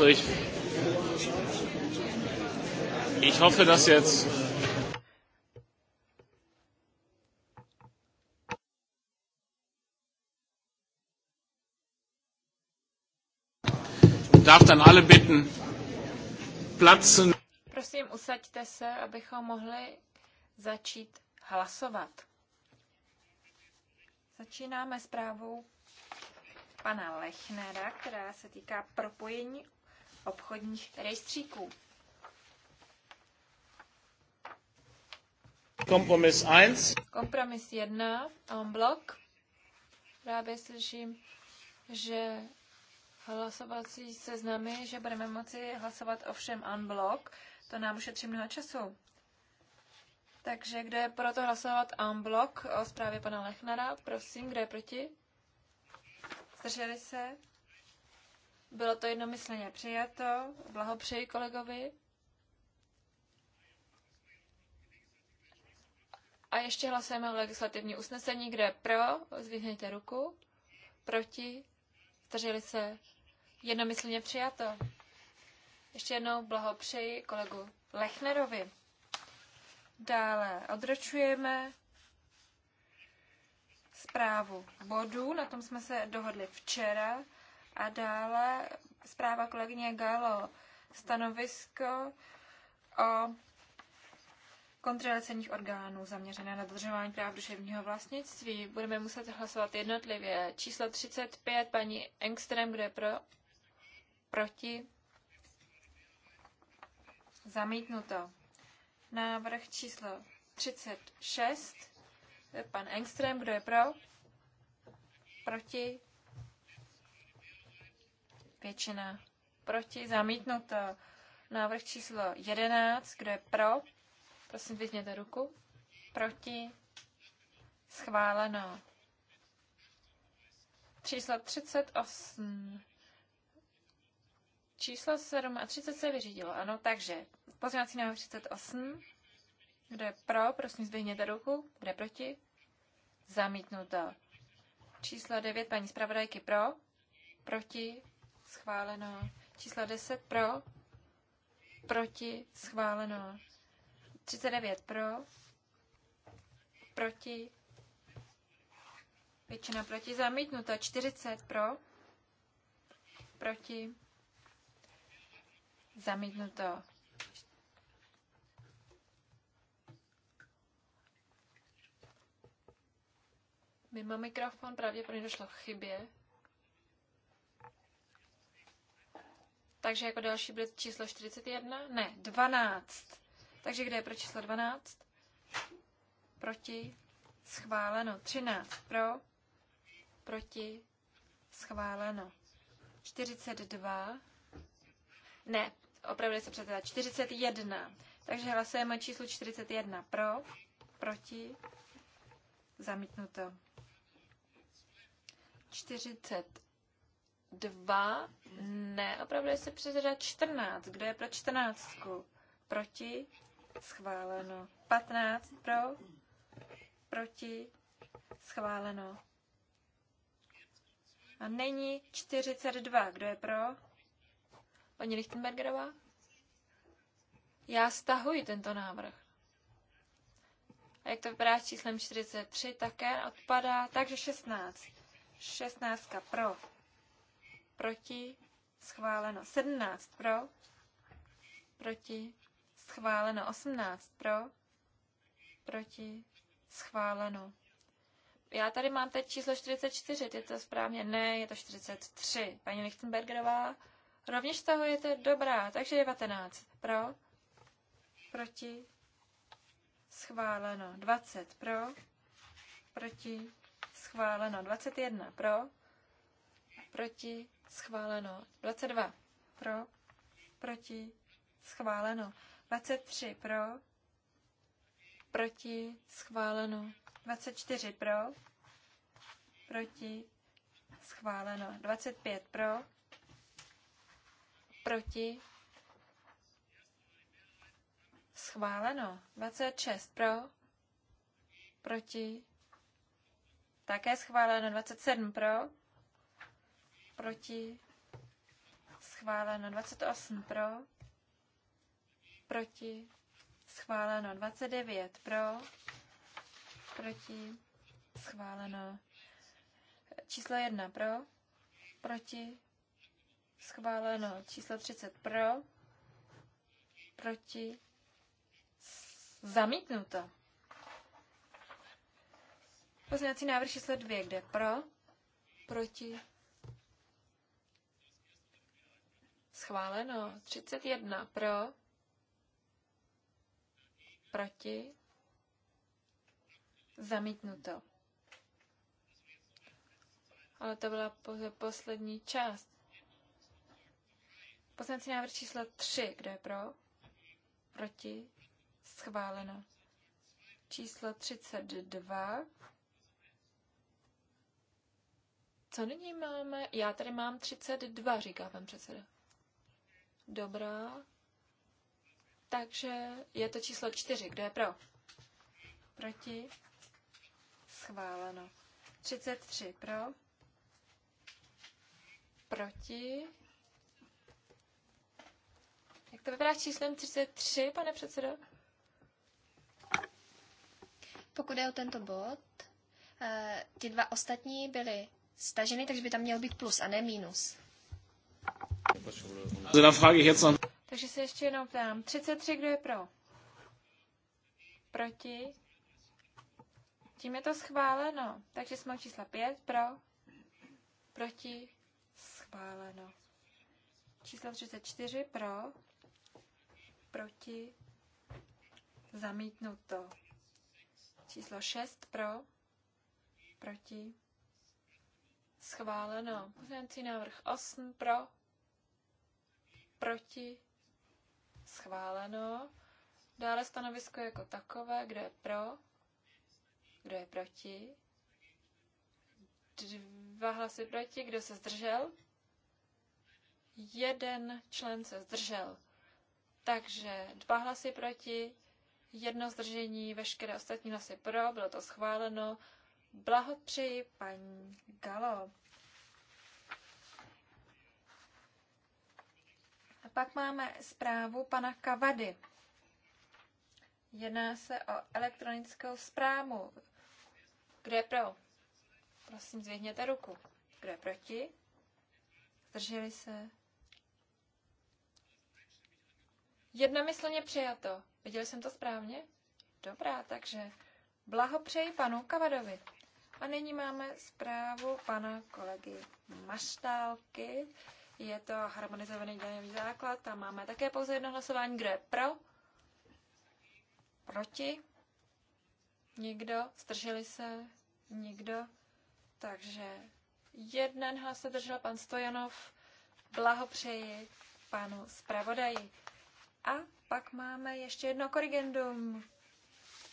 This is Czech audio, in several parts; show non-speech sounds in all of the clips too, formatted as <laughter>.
Ich, ich hoffe, dass jetzt. Ich Darf dann alle bitten, Platz zu Prosím, usaďte se, abychom mohli začít hlasovat. Začínáme zprávou pana Lechnera, která se týká propojení obchodních rejstříků. Kompromis 1. Kompromis 1 en blok. Právě slyším, že hlasovací seznamy, že budeme moci hlasovat ovšem en blok. To nám ušetří mnoho času. Takže kdo je pro to hlasovat en blok o zprávě pana Lechnara? Prosím, kdo je proti? Zdrželi se? Bylo to jednomyslně přijato. Blahopřeji kolegovi. A ještě hlasujeme o legislativní usnesení. kde je pro? Zvihněte ruku. Proti? Zdrželi se? Jednomyslně přijato. Ještě jednou blahopřeji kolegu Lechnerovi. Dále odročujeme zprávu bodů, na tom jsme se dohodli včera. A dále zpráva kolegyně Galo, stanovisko o kontrole cenních orgánů zaměřené na dodržování práv duševního vlastnictví. Budeme muset hlasovat jednotlivě. Číslo 35, paní Engström, kdo je pro? Proti? Zamítnuto. Návrh číslo 36, pan Engström, kdo je pro? Proti? většina proti, zamítnuto. Eh, návrh číslo 11, kdo je pro, prosím vyzněte ruku, proti, schváleno. Číslo 38, číslo 7 a 30 se vyřídilo, ano, takže pozměňovací návrh 38, kdo je pro, prosím zdvihněte ruku, kdo je proti, zamítnuto. Číslo 9, paní zpravodajky pro, proti, schváleno. Číslo 10 pro, proti, schváleno. 39 pro, proti, většina proti, zamítnuto. 40 pro, proti, zamítnuto. Mimo mikrofon pravděpodobně došlo k chybě. Takže jako další bude číslo 41? Ne, 12. Takže kde je pro číslo 12? Proti. Schváleno. 13 pro. Proti. Schváleno. 42. Ne, opravdu se předteda. 41. Takže hlasujeme číslo 41 pro, proti, zamítnuto. 40 dva, ne, opravdu se předřadá 14. Kdo je pro 14? Proti? Schváleno. 15 pro? Proti? Schváleno. A není 42. Kdo je pro? Paní Lichtenbergerová? Já stahuji tento návrh. A jak to vypadá s číslem 43, také odpadá. Takže 16. 16 pro proti, schváleno 17 pro, proti, schváleno 18 pro, proti, schváleno. Já tady mám teď číslo 44, je to správně? Ne, je to 43. Paní Lichtenbergerová, rovněž je to Dobrá, takže 19 pro, proti, schváleno 20 pro, proti, schváleno 21 pro, proti, schváleno. 22 pro, proti, schváleno. 23 pro, proti, schváleno. 24 pro, proti, schváleno. 25 pro, proti, schváleno. 26 pro, proti, také schváleno. 27 pro, proti, schváleno 28 pro, proti, schváleno 29 pro, proti, schváleno číslo 1 pro, proti, schváleno číslo 30 pro, proti, zamítnuto. Pozměňovací návrh číslo 2, kde pro, proti, Schváleno. 31 pro. Proti. Zamítnuto. Ale to byla poslední část. poslední návrh číslo 3. Kdo je pro? Proti? Schváleno. Číslo 32. Co nyní máme? Já tady mám 32, říká pan předseda. Dobrá. Takže je to číslo čtyři. Kdo je pro? Proti? Schváleno. 33 pro. Proti? Jak to vypadá s číslem 33, pane předsedo? Pokud je o tento bod, eh, ti dva ostatní byly staženy, takže by tam měl být plus a ne minus. Takže se ještě jednou ptám. 33, kdo je pro? Proti? Tím je to schváleno. Takže jsme u čísla 5 pro, proti, schváleno. Číslo 34 pro, proti, zamítnuto. Číslo 6 pro, proti, schváleno. Pozměňovací návrh 8 pro, proti, schváleno. Dále stanovisko jako takové, kdo je pro, kdo je proti, dva hlasy proti, kdo se zdržel, jeden člen se zdržel. Takže dva hlasy proti, jedno zdržení, veškeré ostatní hlasy pro, bylo to schváleno. Blahopřeji paní Galo. Pak máme zprávu pana Kavady. Jedná se o elektronickou zprávu. Kdo je pro? Prosím, zvěhněte ruku. Kdo je proti? Zdrželi se? Jednomyslně přijato. Viděl jsem to správně? Dobrá, takže blahopřeji panu Kavadovi. A nyní máme zprávu pana kolegy Maštálky. Je to harmonizovaný daňový základ, tam máme také pouze jedno hlasování, kdo je pro, proti, nikdo, zdrželi se, nikdo. Takže jeden hlas se držel pan Stojanov, blahopřeji panu zpravodaji. A pak máme ještě jedno korrigendum.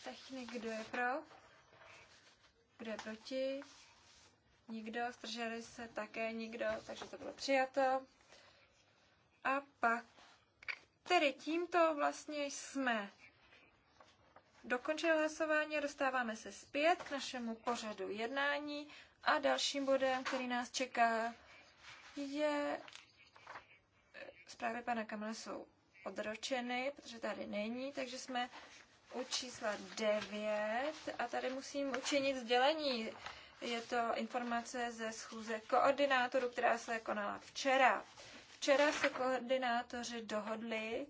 Technik, kdo je pro? Kdo je proti? nikdo, zdrželi se také nikdo, takže to bylo přijato. A pak, tedy tímto vlastně jsme dokončili hlasování a dostáváme se zpět k našemu pořadu jednání a dalším bodem, který nás čeká, je zprávy pana Kamala jsou odročeny, protože tady není, takže jsme u čísla 9 a tady musím učinit sdělení. Je to informace ze schůze koordinátorů, která se konala včera. Včera se koordinátoři dohodli,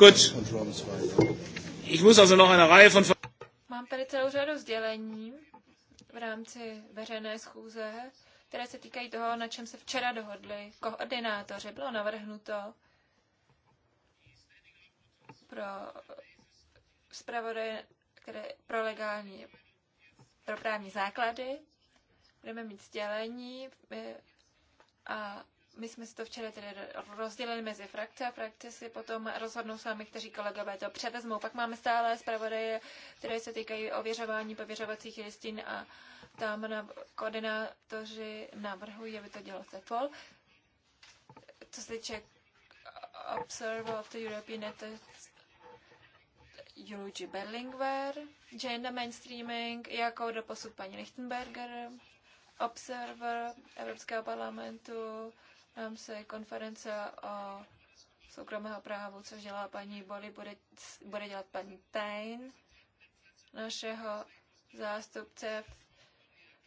Gut. Ich muss also noch eine Reihe von Mám tady celou řadu sdělení v rámci veřejné schůze, které se týkají toho, na čem se včera dohodli koordinátoři. Bylo navrhnuto pro zpravodaje které, pro legální, pro právní základy. Budeme mít sdělení eh, a my jsme si to včera tedy rozdělili mezi frakce a frakce si potom rozhodnou sami, kteří kolegové to převezmou. Pak máme stále zpravodaje, které se týkají ověřování pověřovacích listin a tam na koordinátoři navrhují, aby to dělal CEPOL. Co se týče Observer of the European Ethics Eulogy Berlingwer, Gender Mainstreaming, jako doposud paní Lichtenberger, Observer Evropského parlamentu, v rámci konference o soukromého právu, což dělá paní Boli, bude, bude dělat paní Tain, našeho zástupce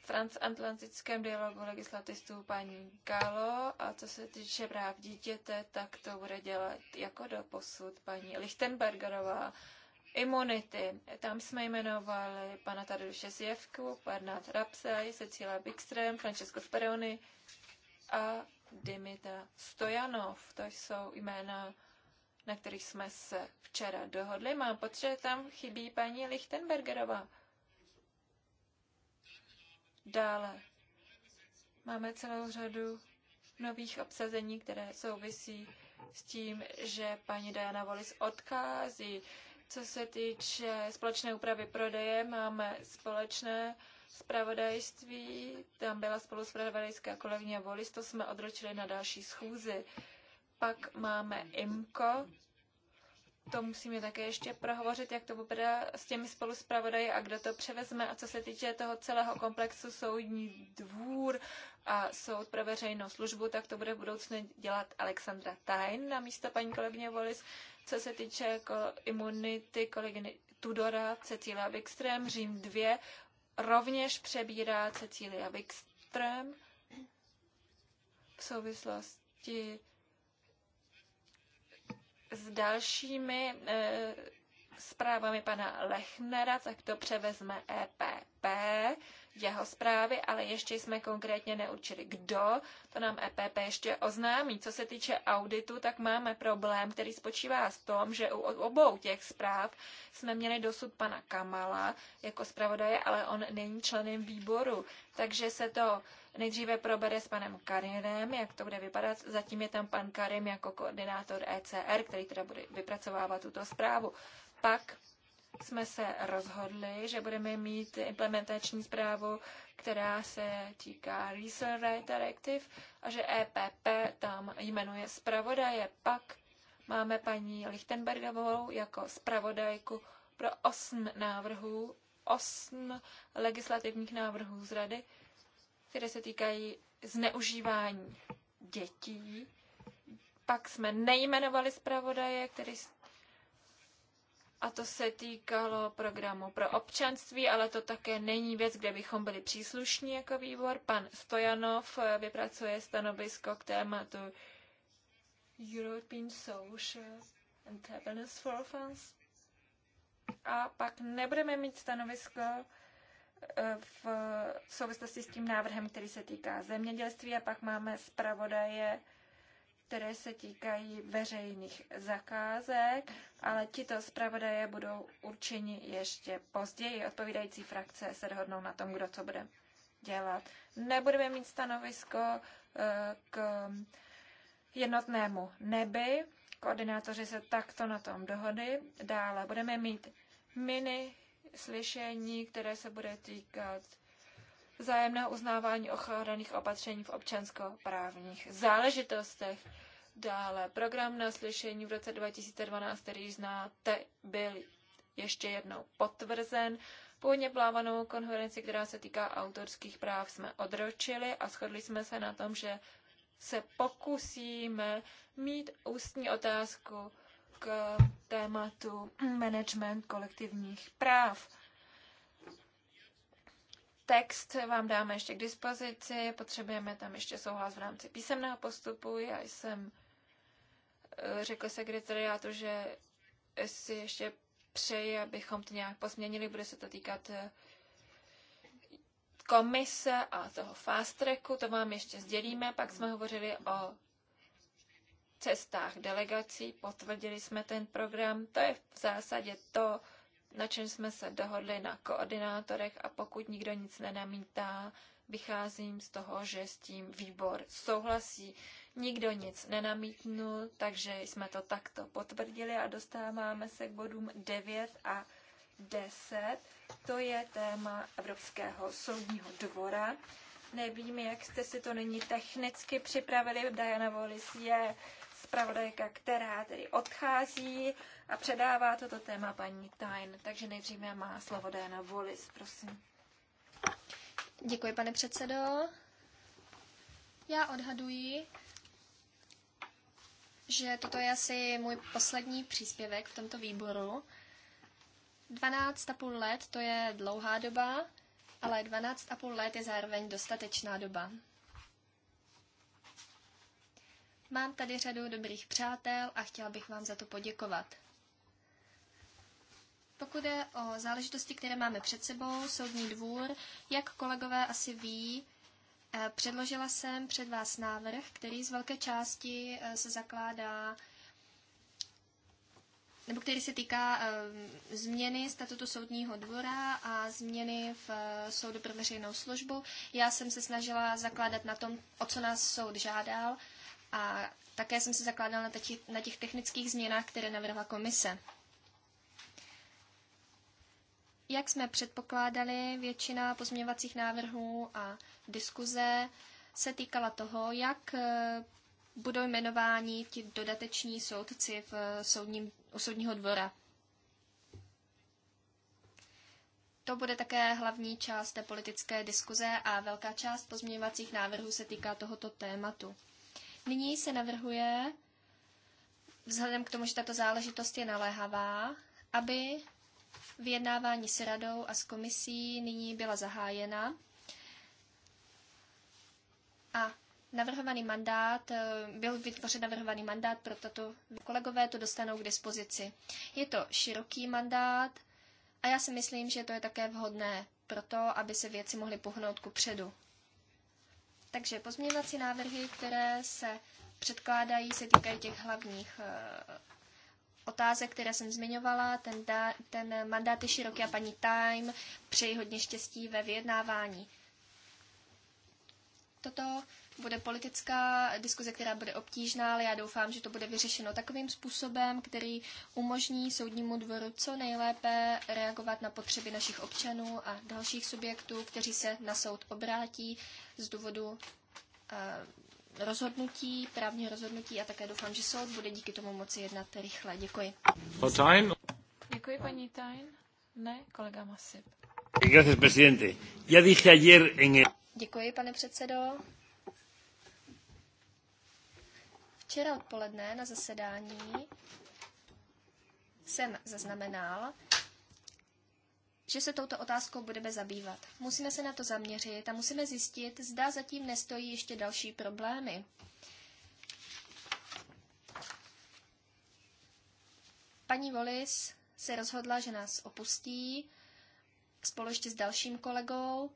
v transatlantickém dialogu legislativistů paní Galo a co se týče práv dítěte, tak to bude dělat jako do posud paní Lichtenbergerová. Imunity. Tam jsme jmenovali pana Tadeuše Sjevku, pana Rapsaj, Cecila Bikström, Francesco Speroni a Dimita Stojanov. To jsou jména, na kterých jsme se včera dohodli. Mám pocit, že tam chybí paní Lichtenbergerová. Dále máme celou řadu nových obsazení, které souvisí s tím, že paní Diana Volis odchází. Co se týče společné úpravy prodeje, máme společné zpravodajství, tam byla spoluspravodajská kolegyně Volis, to jsme odročili na další schůzi. Pak máme IMKO, to musíme také ještě prohovořit, jak to bude s těmi spoluspravodaji a kdo to převezme. A co se týče toho celého komplexu soudní dvůr a soud pro veřejnou službu, tak to bude v budoucnu dělat Alexandra Tain na místo paní kolegyně Volis. Co se týče ko- imunity kolegyny Tudora, Cecília Wikström, Řím 2, rovněž přebírá Cecília Wikström v souvislosti s dalšími e, zprávami pana Lechnera, tak to převezme EPP jeho zprávy, ale ještě jsme konkrétně neurčili, kdo. To nám EPP ještě oznámí. Co se týče auditu, tak máme problém, který spočívá v tom, že u obou těch zpráv jsme měli dosud pana Kamala jako zpravodaje, ale on není členem výboru. Takže se to nejdříve probere s panem Karinem, jak to bude vypadat. Zatím je tam pan Karim jako koordinátor ECR, který teda bude vypracovávat tuto zprávu. Pak jsme se rozhodli, že budeme mít implementační zprávu, která se týká Research Right Directive a že EPP tam jmenuje zpravodaje. Pak máme paní Lichtenbergovou jako zpravodajku pro osm návrhů, osm legislativních návrhů z Rady, které se týkají zneužívání dětí. Pak jsme nejmenovali zpravodaje, který a to se týkalo programu pro občanství, ale to také není věc, kde bychom byli příslušní jako výbor. Pan Stojanov eh, vypracuje stanovisko k tématu European Social and Happiness for Funds. A pak nebudeme mít stanovisko eh, v souvislosti s tím návrhem, který se týká zemědělství a pak máme zpravodaje které se týkají veřejných zakázek, ale tito zpravodaje budou určeni ještě později. Odpovídající frakce se dohodnou na tom, kdo co bude dělat. Nebudeme mít stanovisko eh, k jednotnému nebi. Koordinátoři se takto na tom dohody. Dále budeme mít mini slyšení, které se bude týkat vzájemného uznávání ochranných opatření v občanskoprávních záležitostech. Dále program na slyšení v roce 2012, který znáte, byl ještě jednou potvrzen. Původně plávanou konferenci, která se týká autorských práv, jsme odročili a shodli jsme se na tom, že se pokusíme mít ústní otázku k tématu management kolektivních práv. Text vám dáme ještě k dispozici, potřebujeme tam ještě souhlas v rámci písemného postupu. Já jsem eh, řekl sekretariátu, že si ještě přeji, abychom to nějak posměnili, bude se to týkat eh, komise a toho fast tracku, to vám ještě sdělíme, pak jsme hovořili o cestách delegací, potvrdili jsme ten program, to je v zásadě to, na čem jsme se dohodli na koordinátorech a pokud nikdo nic nenamítá, vycházím z toho, že s tím výbor souhlasí. Nikdo nic nenamítnul, takže jsme to takto potvrdili a dostáváme se k bodům 9 a 10. To je téma Evropského soudního dvora. Nevím, jak jste si to nyní technicky připravili. Diana Wallis je zpravodajka, která tedy odchází a předává toto téma paní Tain. Takže nejdříve má slovo Dana Volis, prosím. Děkuji, pane předsedo. Já odhaduji, že toto je asi můj poslední příspěvek v tomto výboru. 12,5 let to je dlouhá doba, ale 12,5 let je zároveň dostatečná doba. Mám tady řadu dobrých přátel a chtěla bych vám za to poděkovat. Pokud je o záležitosti, které máme před sebou, soudní dvůr, jak kolegové asi ví, eh, předložila jsem před vás návrh, který z velké části eh, se zakládá nebo který se týká eh, změny statutu soudního dvora a změny v soudu pro veřejnou službu. Já jsem se snažila zakládat na tom, o co nás soud žádal a také jsem se zakládala na, na těch technických změnách, které navrhla komise. Jak jsme předpokládali, většina pozměňovacích návrhů a diskuze se týkala toho, jak eh, budou jmenováni ti dodateční soudci v eh, soudním, u soudního dvora. To bude také hlavní část té politické diskuze a velká část pozměňovacích návrhů se týká tohoto tématu. Nyní se navrhuje, vzhledem k tomu, že tato záležitost je naléhavá, aby vyjednávání s radou a s komisí nyní byla zahájena a navrhovaný mandát, eh, byl vytvořen navrhovaný mandát pro tato kolegové to dostanou k dispozici. Je to široký mandát a já si myslím, že to je také vhodné pro to, aby se věci mohly pohnout ku předu. Takže pozměňovací návrhy, které se předkládají, se týkají těch hlavních eh, otázek, které jsem zmiňovala. Ten, da, ten mandát je široký a paní Time přeji hodně štěstí ve vyjednávání toto bude politická diskuze, která bude obtížná, ale já doufám, že to bude vyřešeno takovým způsobem, který umožní soudnímu dvoru co nejlépe reagovat na potřeby našich občanů a dalších subjektů, kteří se na soud obrátí z důvodu eh, rozhodnutí, právního rozhodnutí a také doufám, že soud bude díky tomu moci jednat rychle. Děkuji. Děkuji, paní Tajn. Ne, kolega Masip. Gracias, presidente. Ya dije ayer en el... Děkuji, pane předsedo. Včera odpoledne na zasedání jsem zaznamenal, že se touto otázkou budeme zabývat. Musíme se na to zaměřit a musíme zjistit, zda zatím nestojí ještě další problémy. Paní Volis se rozhodla, že nás opustí spolu s dalším kolegou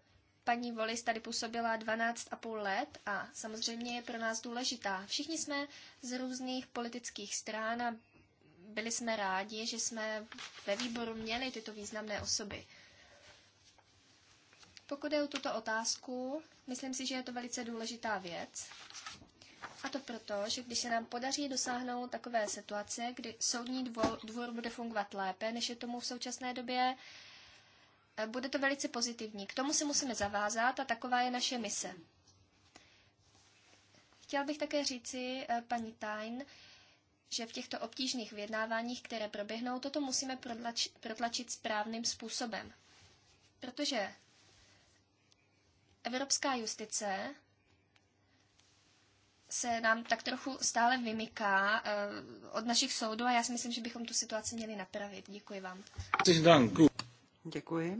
Paní Volis tady působila 12,5 let a samozřejmě je pro nás důležitá. Všichni jsme z různých politických stran a byli jsme rádi, že jsme ve výboru měli tyto významné osoby. Pokud je o tuto otázku, myslím si, že je to velice důležitá věc. A to proto, že když se nám podaří dosáhnout takové situace, kdy soudní dvor, dvůr bude fungovat lépe, než je tomu v současné době, bude to velice pozitivní. K tomu se musíme zavázat a taková je naše mise. Chtěl bych také říci eh, paní Tain, že v těchto obtížných vyjednáváních, které proběhnou, toto musíme protlač, protlačit správným způsobem. Protože evropská justice se nám tak trochu stále vymyká eh, od našich soudů a já si myslím, že bychom tu situaci měli napravit. Děkuji vám. Děkuji. Děkuji.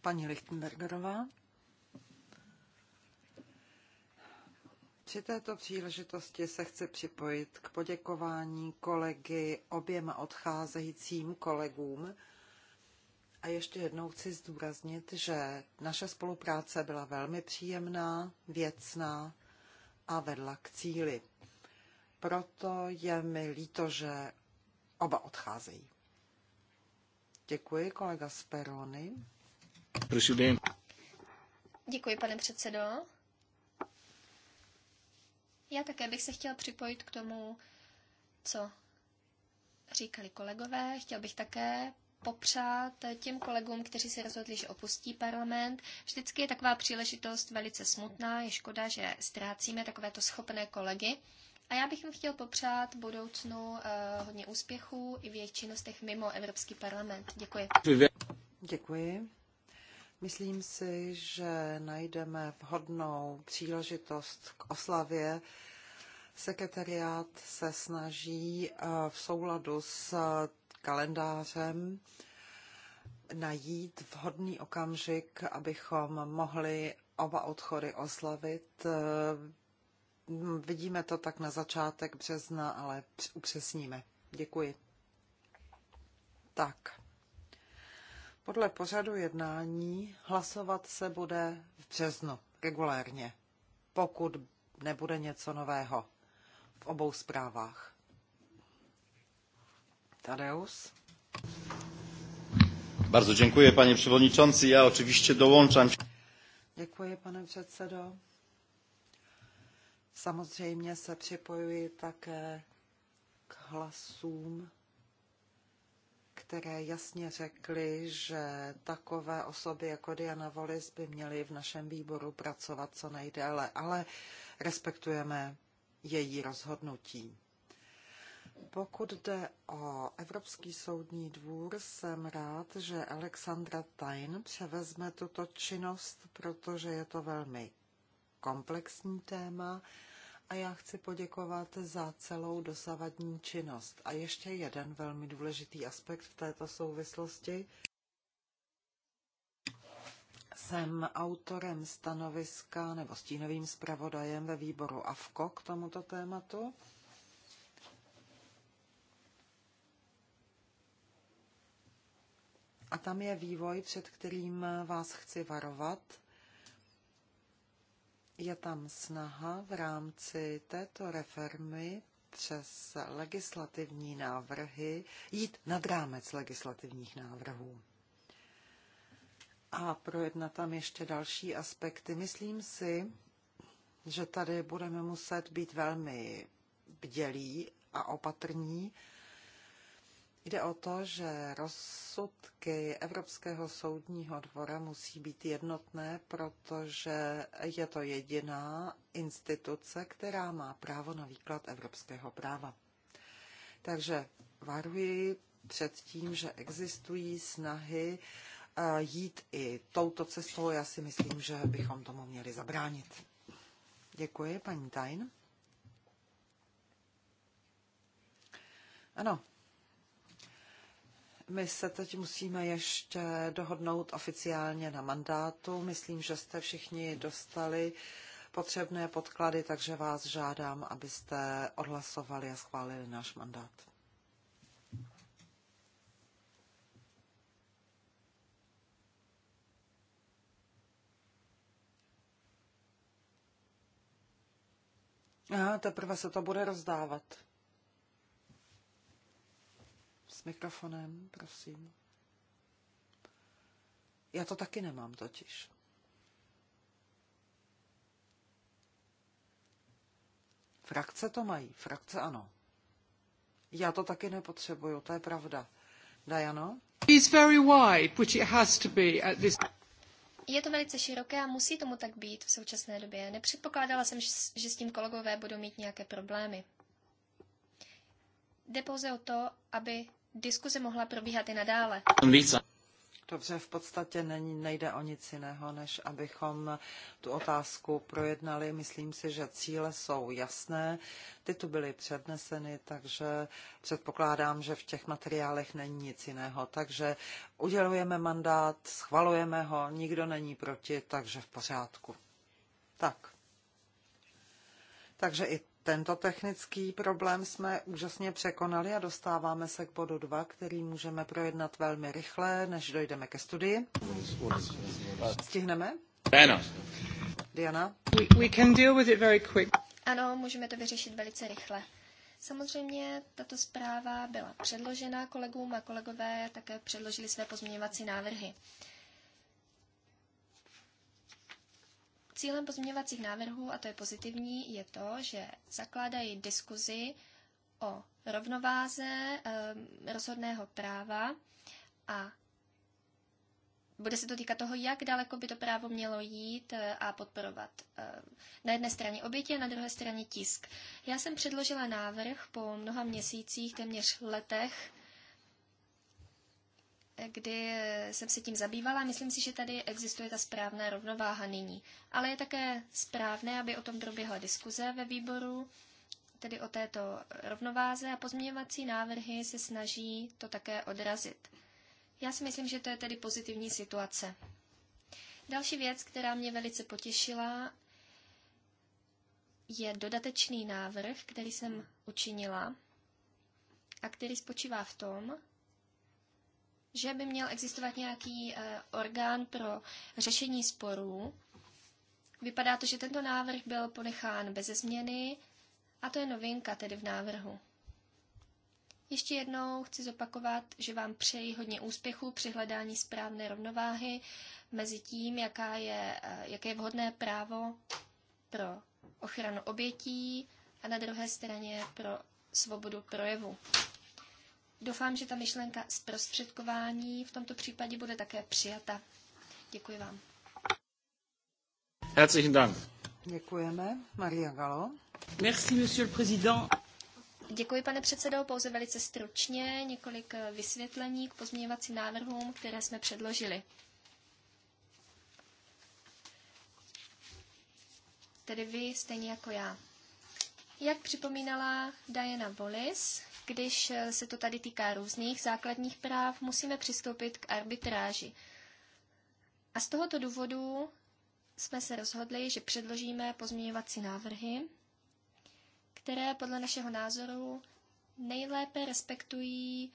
Paní Lichtenbergerová. Při této příležitosti se chci připojit k poděkování kolegy oběma odcházejícím kolegům. A ještě jednou chci zdůraznit, že naše spolupráce byla velmi příjemná, věcná a vedla k cíli. Proto je mi líto, že oba odcházejí. Děkuji, kolega Speroni. Prosím. Děkuji, pane předsedo. Já také bych se chtěla připojit k tomu, co říkali kolegové. Chtěl bych také popřát těm kolegům, kteří se rozhodli, že opustí parlament. Vždycky je taková příležitost velice smutná, je škoda, že ztrácíme takovéto schopné kolegy. A já bych jim chtěl popřát v budoucnu eh, hodně úspěchů i v jejich činnostech mimo Evropský parlament. Děkuji. Děkuji. Myslím si, že najdeme vhodnou příležitost k oslavě. Sekretariát se snaží eh, v souladu s eh, kalendářem najít vhodný okamžik, abychom mohli oba odchody oslavit. No, vidíme to tak na začátek března, ale upřesníme. Děkuji. Tak. Podle pořadu jednání hlasovat se bude v březnu regulérně, pokud nebude něco nového v obou zprávách. Tadeus. Bardzo dziękuję, panie przewodniczący. Ja oczywiście dołączam. Děkuji, pane przewodniczący. Samozřejmě se připojuji také k hlasům, které jasně řekly, že takové osoby jako Diana Volis by měly v našem výboru pracovat co nejdéle, ale respektujeme její rozhodnutí. Pokud jde o Evropský soudní dvůr, jsem rád, že Alexandra Tain převezme tuto činnost, protože je to velmi komplexní téma a já chci poděkovat za celou dosavadní činnost. A ještě jeden velmi důležitý aspekt v této souvislosti. Jsem autorem stanoviska nebo stínovým zpravodajem ve výboru AFKO k tomuto tématu. A tam je vývoj, před kterým vás chci varovat je tam snaha v rámci této reformy přes legislativní návrhy jít nad rámec legislativních návrhů a projednat tam ještě další aspekty. Myslím si, že tady budeme muset být velmi bdělí a opatrní, Jde o to, že rozsudky Evropského soudního dvora musí být jednotné, protože je to jediná instituce, která má právo na výklad evropského práva. Takže varuji před tím, že existují snahy eh, jít i touto cestou. Já si myslím, že bychom tomu měli zabránit. Děkuji, paní Tajn. Ano, my se teď musíme ještě dohodnout oficiálně na mandátu. Myslím, že jste všichni dostali potřebné podklady, takže vás žádám, abyste odhlasovali a schválili náš mandát. Aha, teprve se to bude rozdávat s mikrofonem, prosím. Já to taky nemám totiž. Frakce to mají, frakce ano. Já to taky nepotřebuju, to je pravda. Diano? Je to velice široké a musí tomu tak být v současné době. Nepředpokládala jsem, že s tím kolegové budou mít nějaké problémy. Jde pouze o to, aby diskuze mohla probíhat i nadále. Dobře, v podstatě není, nejde o nic jiného, než abychom tu otázku projednali. Myslím si, že cíle jsou jasné. Ty tu byly předneseny, takže předpokládám, že v těch materiálech není nic jiného. Takže udělujeme mandát, schvalujeme ho, nikdo není proti, takže v pořádku. Tak. Takže i tento technický problém jsme úžasně překonali a dostáváme se k bodu 2, který můžeme projednat velmi rychle, než dojdeme ke studii. Stihneme? Diana. Diana? We, we can deal with it very quick. Ano, můžeme to vyřešit velice rychle. Samozřejmě tato zpráva byla předložena kolegům a kolegové také předložili své pozměňovací návrhy. Cílem pozměňovacích návrhů, a to je pozitivní, je to, že zakládají diskuzi o rovnováze ehm, rozhodného práva a bude se to týkat toho, jak daleko by to právo mělo jít eh, a podporovat ehm, na jedné straně oběti a na druhé straně tisk. Já jsem předložila návrh po mnoha měsících, téměř letech kdy eh, jsem se tím zabývala. Myslím si, že tady existuje ta správná rovnováha nyní. Ale je také správné, aby o tom proběhla diskuze ve výboru, tedy o této rovnováze a pozměňovací návrhy se snaží to také odrazit. Já si myslím, že to je tedy pozitivní situace. Další věc, která mě velice potěšila, je dodatečný návrh, který jsem učinila a který spočívá v tom, že by měl existovat nějaký eh, orgán pro řešení sporů. Vypadá to, že tento návrh byl ponechán bez změny a to je novinka tedy v návrhu. Ještě jednou chci zopakovat, že vám přeji hodně úspěchu při hledání správné rovnováhy mezi tím, jaká je, eh, jaké je vhodné právo pro ochranu obětí a na druhé straně pro svobodu projevu. Doufám, že ta myšlenka zprostředkování v tomto případě bude také přijata. Děkuji vám. Herzlichen Dank. Děkujeme. Maria Galo. Merci, monsieur le président. Děkuji, pane předsedo. Pouze velice stručně několik vysvětlení k pozměňovacím návrhům, které jsme předložili. Tedy vy, stejně jako já. Jak připomínala Diana Bolis, když eh, se to tady týká různých základních práv, musíme přistoupit k arbitráži. A z tohoto důvodu jsme se rozhodli, že předložíme pozměňovací návrhy, které podle našeho názoru nejlépe respektují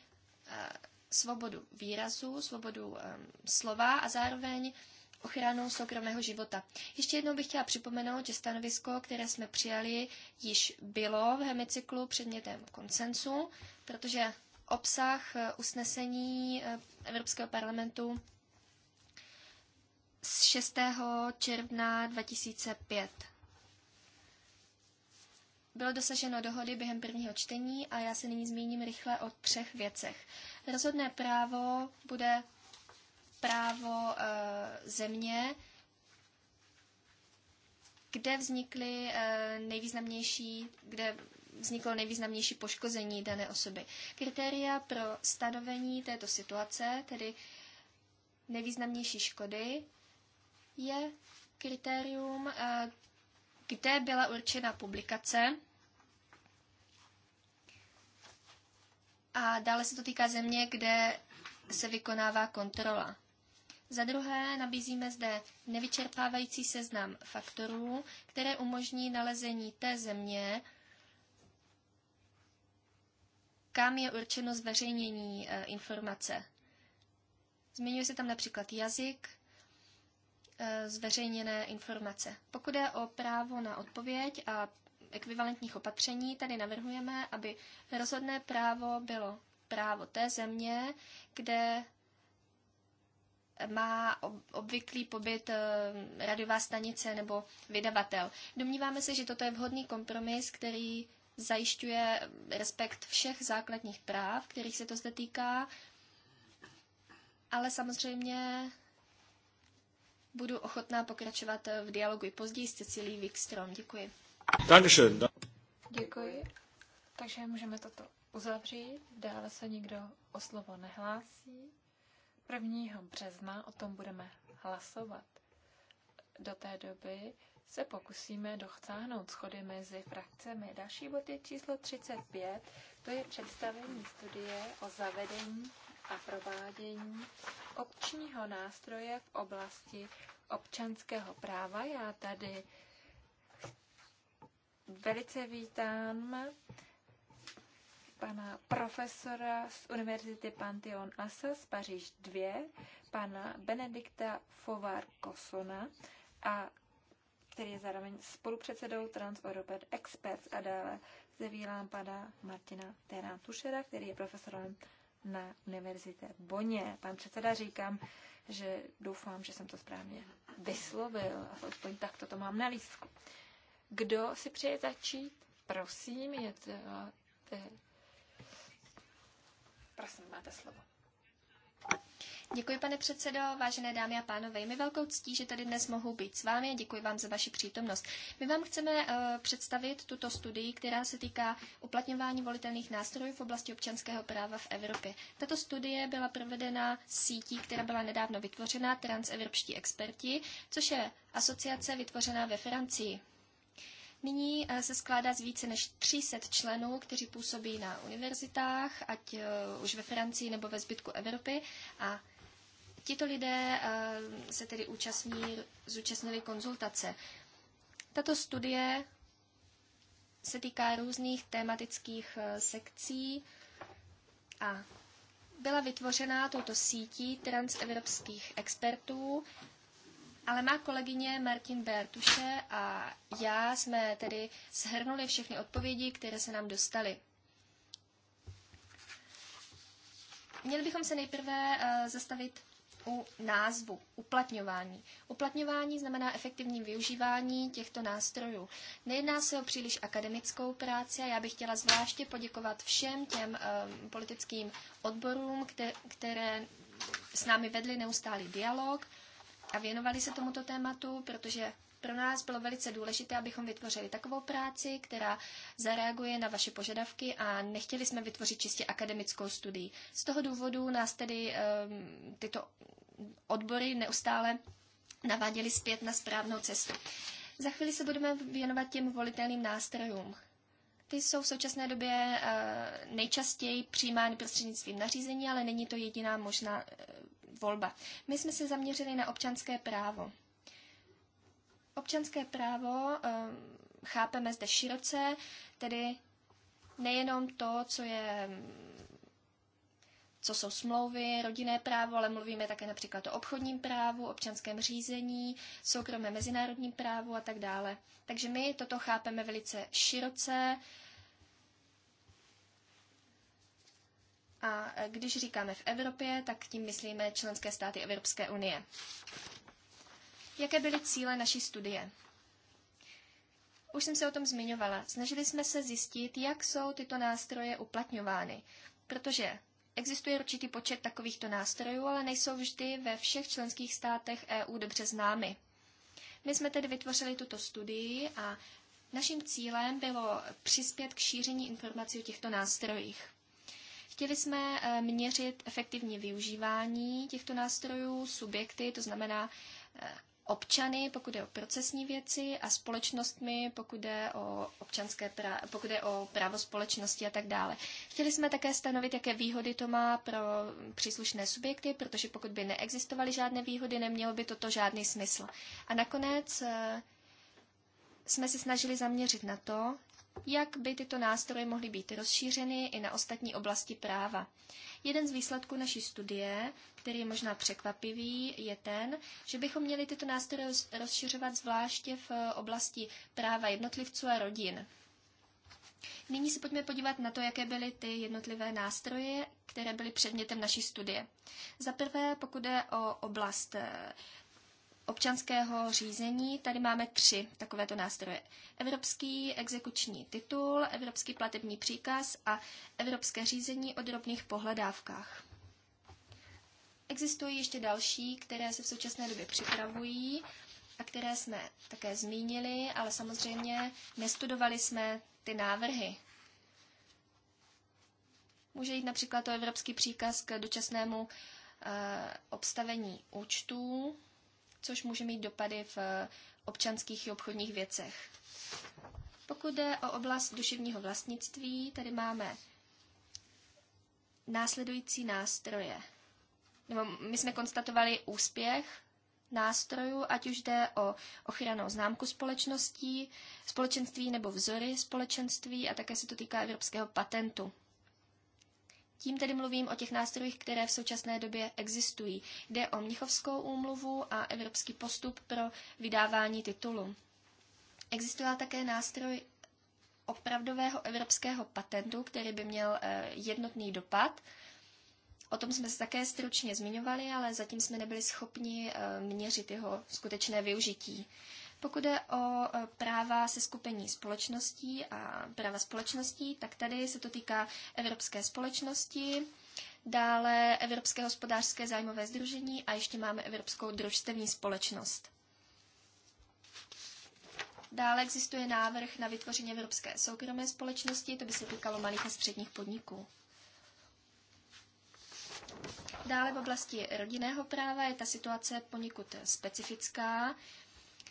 eh, svobodu výrazu, svobodu eh, slova a zároveň ochranou soukromého života. Ještě jednou bych chtěla připomenout, že stanovisko, které jsme přijali, již bylo v hemicyklu předmětem konsenzu, protože obsah eh, usnesení eh, Evropského parlamentu z 6. června 2005. Bylo dosaženo dohody během prvního čtení a já se nyní zmíním rychle o třech věcech. Rozhodné právo bude právo eh, země, kde vznikly eh, nejvýznamnější, kde vzniklo nejvýznamnější poškození dané osoby. Kritéria pro stanovení této situace, tedy nejvýznamnější škody, je kritérium, eh, kde byla určena publikace. A dále se to týká země, kde se vykonává kontrola. Za druhé nabízíme zde nevyčerpávající seznam faktorů, které umožní nalezení té země, kam je určeno zveřejnění e, informace. Zmiňuje se tam například jazyk, e, zveřejněné informace. Pokud je o právo na odpověď a ekvivalentních opatření, tady navrhujeme, aby rozhodné právo bylo právo té země, kde má obvyklý pobyt eh, radiová stanice nebo vydavatel. Domníváme se, že toto je vhodný kompromis, který zajišťuje respekt všech základních práv, kterých se to zde týká, ale samozřejmě budu ochotná pokračovat v dialogu i později s Cecilí Wikstrom. Děkuji. Děkuji. Takže můžeme toto uzavřít. Dále se nikdo o slovo nehlásí. 1. března o tom budeme hlasovat. Do té doby se pokusíme dochcáhnout schody mezi frakcemi. Další bod je číslo 35, to je představení studie o zavedení a provádění občního nástroje v oblasti občanského práva. Já tady velice vítám pana profesora z Univerzity Pantheon Asa z Paříž 2, pana Benedikta Fovar Kosona, a, který je zároveň spolupředsedou trans Europe Experts a dále zde pana Martina Tušera, který je profesorem na Univerzitě Boně. Pan předseda říkám, že doufám, že jsem to správně vyslovil, aspoň tak to mám na lístku. Kdo si přeje začít? Prosím, je to Prosím, máte slovo. Děkuji, pane předsedo, vážené dámy a pánové. Je mi velkou ctí, že tady dnes mohu být s vámi a děkuji vám za vaši přítomnost. My vám chceme uh, představit tuto studii, která se týká uplatňování volitelných nástrojů v oblasti občanského práva v Evropě. Tato studie byla provedena sítí, která byla nedávno vytvořena, Transevropští experti, což je asociace vytvořená ve Francii. Nyní eh, se skládá z více než 300 členů, kteří působí na univerzitách, ať eh, už ve Francii nebo ve zbytku Evropy. A tito lidé eh, se tedy účastní, zúčastnili konzultace. Tato studie se týká různých tematických sekcí a byla vytvořena touto sítí transevropských expertů ale má kolegyně Martin Bertuše a já jsme tedy shrnuli všechny odpovědi, které se nám dostaly. Měli bychom se nejprve eh, zastavit u názvu uplatňování. Uplatňování znamená efektivní využívání těchto nástrojů. Nejedná se o příliš akademickou práci a já bych chtěla zvláště poděkovat všem těm um, politickým odborům, kte- které s námi vedli neustálý dialog a věnovali se tomuto tématu, protože pro nás bylo velice důležité, abychom vytvořili takovou práci, která zareaguje na vaše požadavky a nechtěli jsme vytvořit čistě akademickou studii. Z toho důvodu nás tedy um, tyto odbory neustále naváděly zpět na správnou cestu. Za chvíli se budeme věnovat těm volitelným nástrojům. Ty jsou v současné době eh, nejčastěji přijímány prostřednictvím nařízení, ale není to jediná možná eh, volba. My jsme se zaměřili na občanské právo. Občanské právo ehm, chápeme zde široce, tedy nejenom to, co je co jsou smlouvy, rodinné právo, ale mluvíme také například o obchodním právu, občanském řízení, soukromé mezinárodním právu a tak dále. Takže my toto chápeme velice široce, A když říkáme v Evropě, tak tím myslíme členské státy Evropské unie. Jaké byly cíle naší studie? Už jsem se o tom zmiňovala. Snažili jsme se zjistit, jak jsou tyto nástroje uplatňovány, protože existuje určitý počet takovýchto nástrojů, ale nejsou vždy ve všech členských státech EU dobře známy. My jsme tedy vytvořili tuto studii a naším cílem bylo přispět k šíření informací o těchto nástrojích. Chtěli jsme eh, měřit efektivní využívání těchto nástrojů, subjekty, to znamená eh, občany, pokud je o procesní věci a společnostmi, pokud je o, občanské pra- pokud je o právo společnosti a tak dále. Chtěli jsme také stanovit, jaké výhody to má pro příslušné subjekty, protože pokud by neexistovaly žádné výhody, nemělo by toto žádný smysl. A nakonec eh, jsme se snažili zaměřit na to, jak by tyto nástroje mohly být rozšířeny i na ostatní oblasti práva. Jeden z výsledků naší studie, který je možná překvapivý, je ten, že bychom měli tyto nástroje rozšiřovat zvláště v eh, oblasti práva jednotlivců a rodin. Nyní se pojďme podívat na to, jaké byly ty jednotlivé nástroje, které byly předmětem naší studie. Za prvé, pokud jde o oblast eh, občanského řízení tady máme tři takovéto nástroje. Evropský exekuční titul, Evropský platební příkaz a Evropské řízení o drobných pohledávkách. Existují ještě další, které se v současné době připravují a které jsme také zmínili, ale samozřejmě nestudovali jsme ty návrhy. Může jít například o evropský příkaz k dočasnému eh, obstavení účtů, což může mít dopady v eh, občanských i obchodních věcech. Pokud jde o oblast duševního vlastnictví, tady máme následující nástroje. Nebo my jsme konstatovali úspěch nástrojů, ať už jde o ochranou známku společností, společenství nebo vzory společenství a také se to týká evropského patentu. Tím tedy mluvím o těch nástrojích, které v současné době existují. Jde o Mnichovskou úmluvu a evropský postup pro vydávání titulu. Existoval také nástroj opravdového evropského patentu, který by měl eh, jednotný dopad. O tom jsme se také stručně zmiňovali, ale zatím jsme nebyli schopni eh, měřit jeho skutečné využití. Pokud je o e, práva se skupení společností a práva společností, tak tady se to týká Evropské společnosti, dále Evropské hospodářské zájmové združení a ještě máme Evropskou družstevní společnost. Dále existuje návrh na vytvoření Evropské soukromé společnosti, to by se týkalo malých a středních podniků. Dále v oblasti rodinného práva je ta situace poněkud specifická.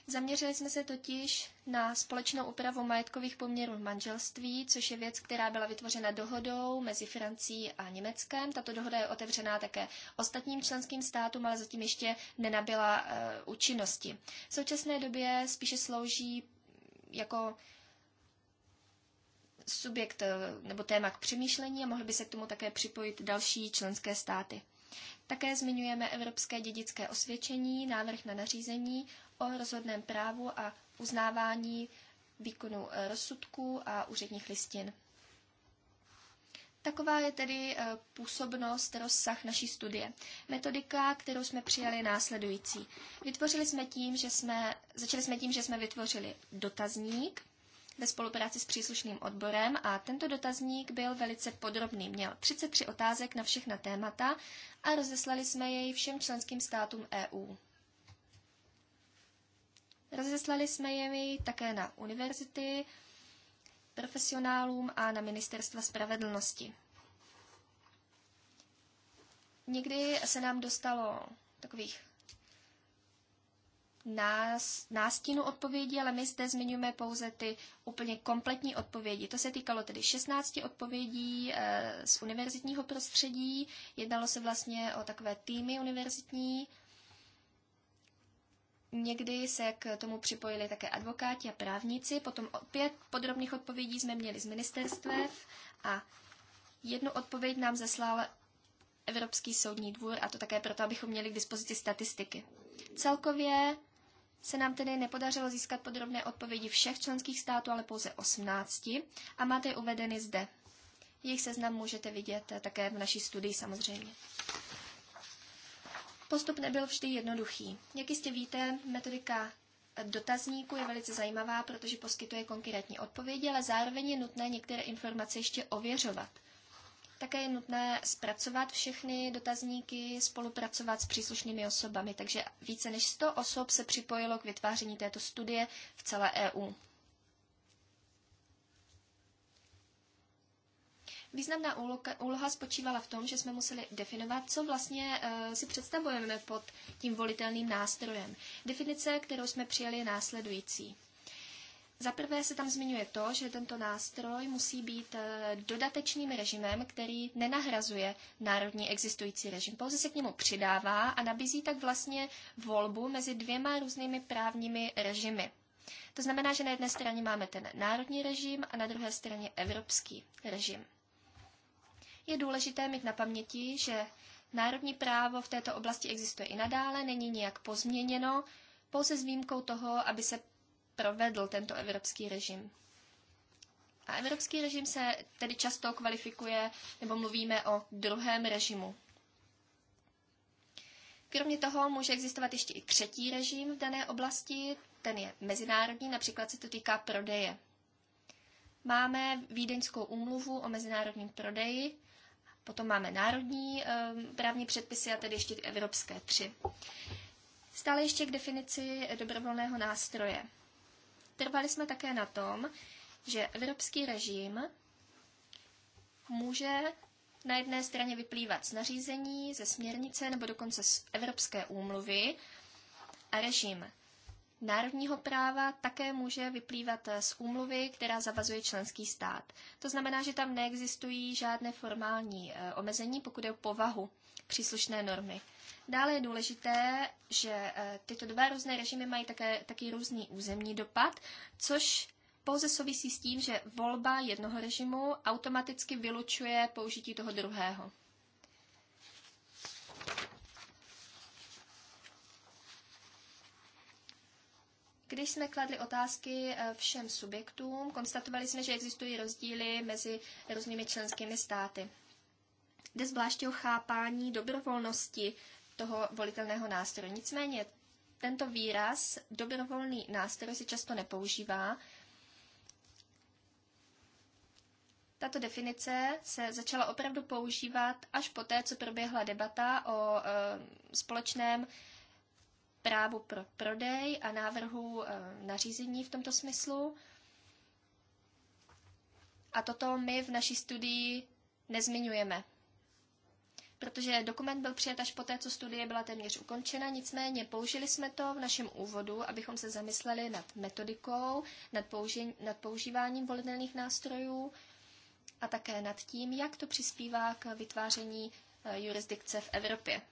Zaměřili jsme se totiž na společnou úpravu majetkových poměrů v manželství, což je věc, která byla vytvořena dohodou mezi Francií a Německem. Tato dohoda je otevřená také ostatním členským státům, ale zatím ještě nenabyla uh, účinnosti. V současné době spíše slouží jako subjekt eh, nebo téma k přemýšlení a mohly by se k tomu také připojit další členské státy. Také zmiňujeme Evropské dědické osvědčení, návrh na nařízení o rozhodném právu a uznávání výkonu eh, rozsudků a úředních listin. Taková je tedy eh, působnost, rozsah naší studie. Metodika, kterou jsme přijali, je následující. Vytvořili jsme tím, že jsme, začali jsme tím, že jsme vytvořili dotazník ve spolupráci s příslušným odborem a tento dotazník byl velice podrobný. Měl 33 otázek na všechna témata a rozeslali jsme jej všem členským státům EU. Rozeslali jsme je mi také na univerzity, profesionálům a na ministerstva spravedlnosti. Někdy se nám dostalo takových nás, nástinu odpovědí, ale my zde zmiňujeme pouze ty úplně kompletní odpovědi. To se týkalo tedy 16 odpovědí eh, z univerzitního prostředí. Jednalo se vlastně o takové týmy univerzitní, Někdy se k tomu připojili také advokáti a právníci. Potom pět podrobných odpovědí jsme měli z ministerstev a jednu odpověď nám zaslal Evropský soudní dvůr a to také proto, abychom měli k dispozici statistiky. Celkově se nám tedy nepodařilo získat podrobné odpovědi všech členských států, ale pouze 18 a máte je uvedeny zde. Jejich seznam můžete vidět také v naší studii samozřejmě. Postup nebyl vždy jednoduchý. Jak jistě víte, metodika dotazníku je velice zajímavá, protože poskytuje konkrétní odpovědi, ale zároveň je nutné některé informace ještě ověřovat. Také je nutné zpracovat všechny dotazníky, spolupracovat s příslušnými osobami, takže více než 100 osob se připojilo k vytváření této studie v celé EU. Významná úloha, úloha spočívala v tom, že jsme museli definovat, co vlastně eh, si představujeme pod tím volitelným nástrojem. Definice, kterou jsme přijali, je následující. Za prvé se tam zmiňuje to, že tento nástroj musí být eh, dodatečným režimem, který nenahrazuje národní existující režim, pouze se k němu přidává a nabízí tak vlastně volbu mezi dvěma různými právními režimy. To znamená, že na jedné straně máme ten národní režim a na druhé straně evropský režim. Je důležité mít na paměti, že národní právo v této oblasti existuje i nadále, není nijak pozměněno, pouze s výjimkou toho, aby se provedl tento evropský režim. A evropský režim se tedy často kvalifikuje, nebo mluvíme o druhém režimu. Kromě toho může existovat ještě i třetí režim v dané oblasti, ten je mezinárodní, například se to týká prodeje. Máme Vídeňskou úmluvu o mezinárodním prodeji, Potom máme národní ehm, právní předpisy a tedy ještě evropské tři. Stále ještě k definici dobrovolného nástroje. Trvali jsme také na tom, že evropský režim může na jedné straně vyplývat z nařízení, ze směrnice nebo dokonce z Evropské úmluvy a režim národního práva také může vyplývat eh, z úmluvy, která zavazuje členský stát. To znamená, že tam neexistují žádné formální eh, omezení, pokud je o povahu příslušné normy. Dále je důležité, že eh, tyto dva různé režimy mají také, taky různý územní dopad, což pouze souvisí s tím, že volba jednoho režimu automaticky vylučuje použití toho druhého. Když jsme kladli otázky eh, všem subjektům, konstatovali jsme, že existují rozdíly mezi různými členskými státy. Jde zvláště o chápání dobrovolnosti toho volitelného nástroje. Nicméně tento výraz dobrovolný nástroj se často nepoužívá. Tato definice se začala opravdu používat až poté, co proběhla debata o e, společném právu pro prodej a návrhu eh, nařízení v tomto smyslu. A toto my v naší studii nezmiňujeme, protože dokument byl přijat až poté, co studie byla téměř ukončena, nicméně použili jsme to v našem úvodu, abychom se zamysleli nad metodikou, nad, použi- nad používáním volitelných nástrojů a také nad tím, jak to přispívá k vytváření eh, jurisdikce v Evropě.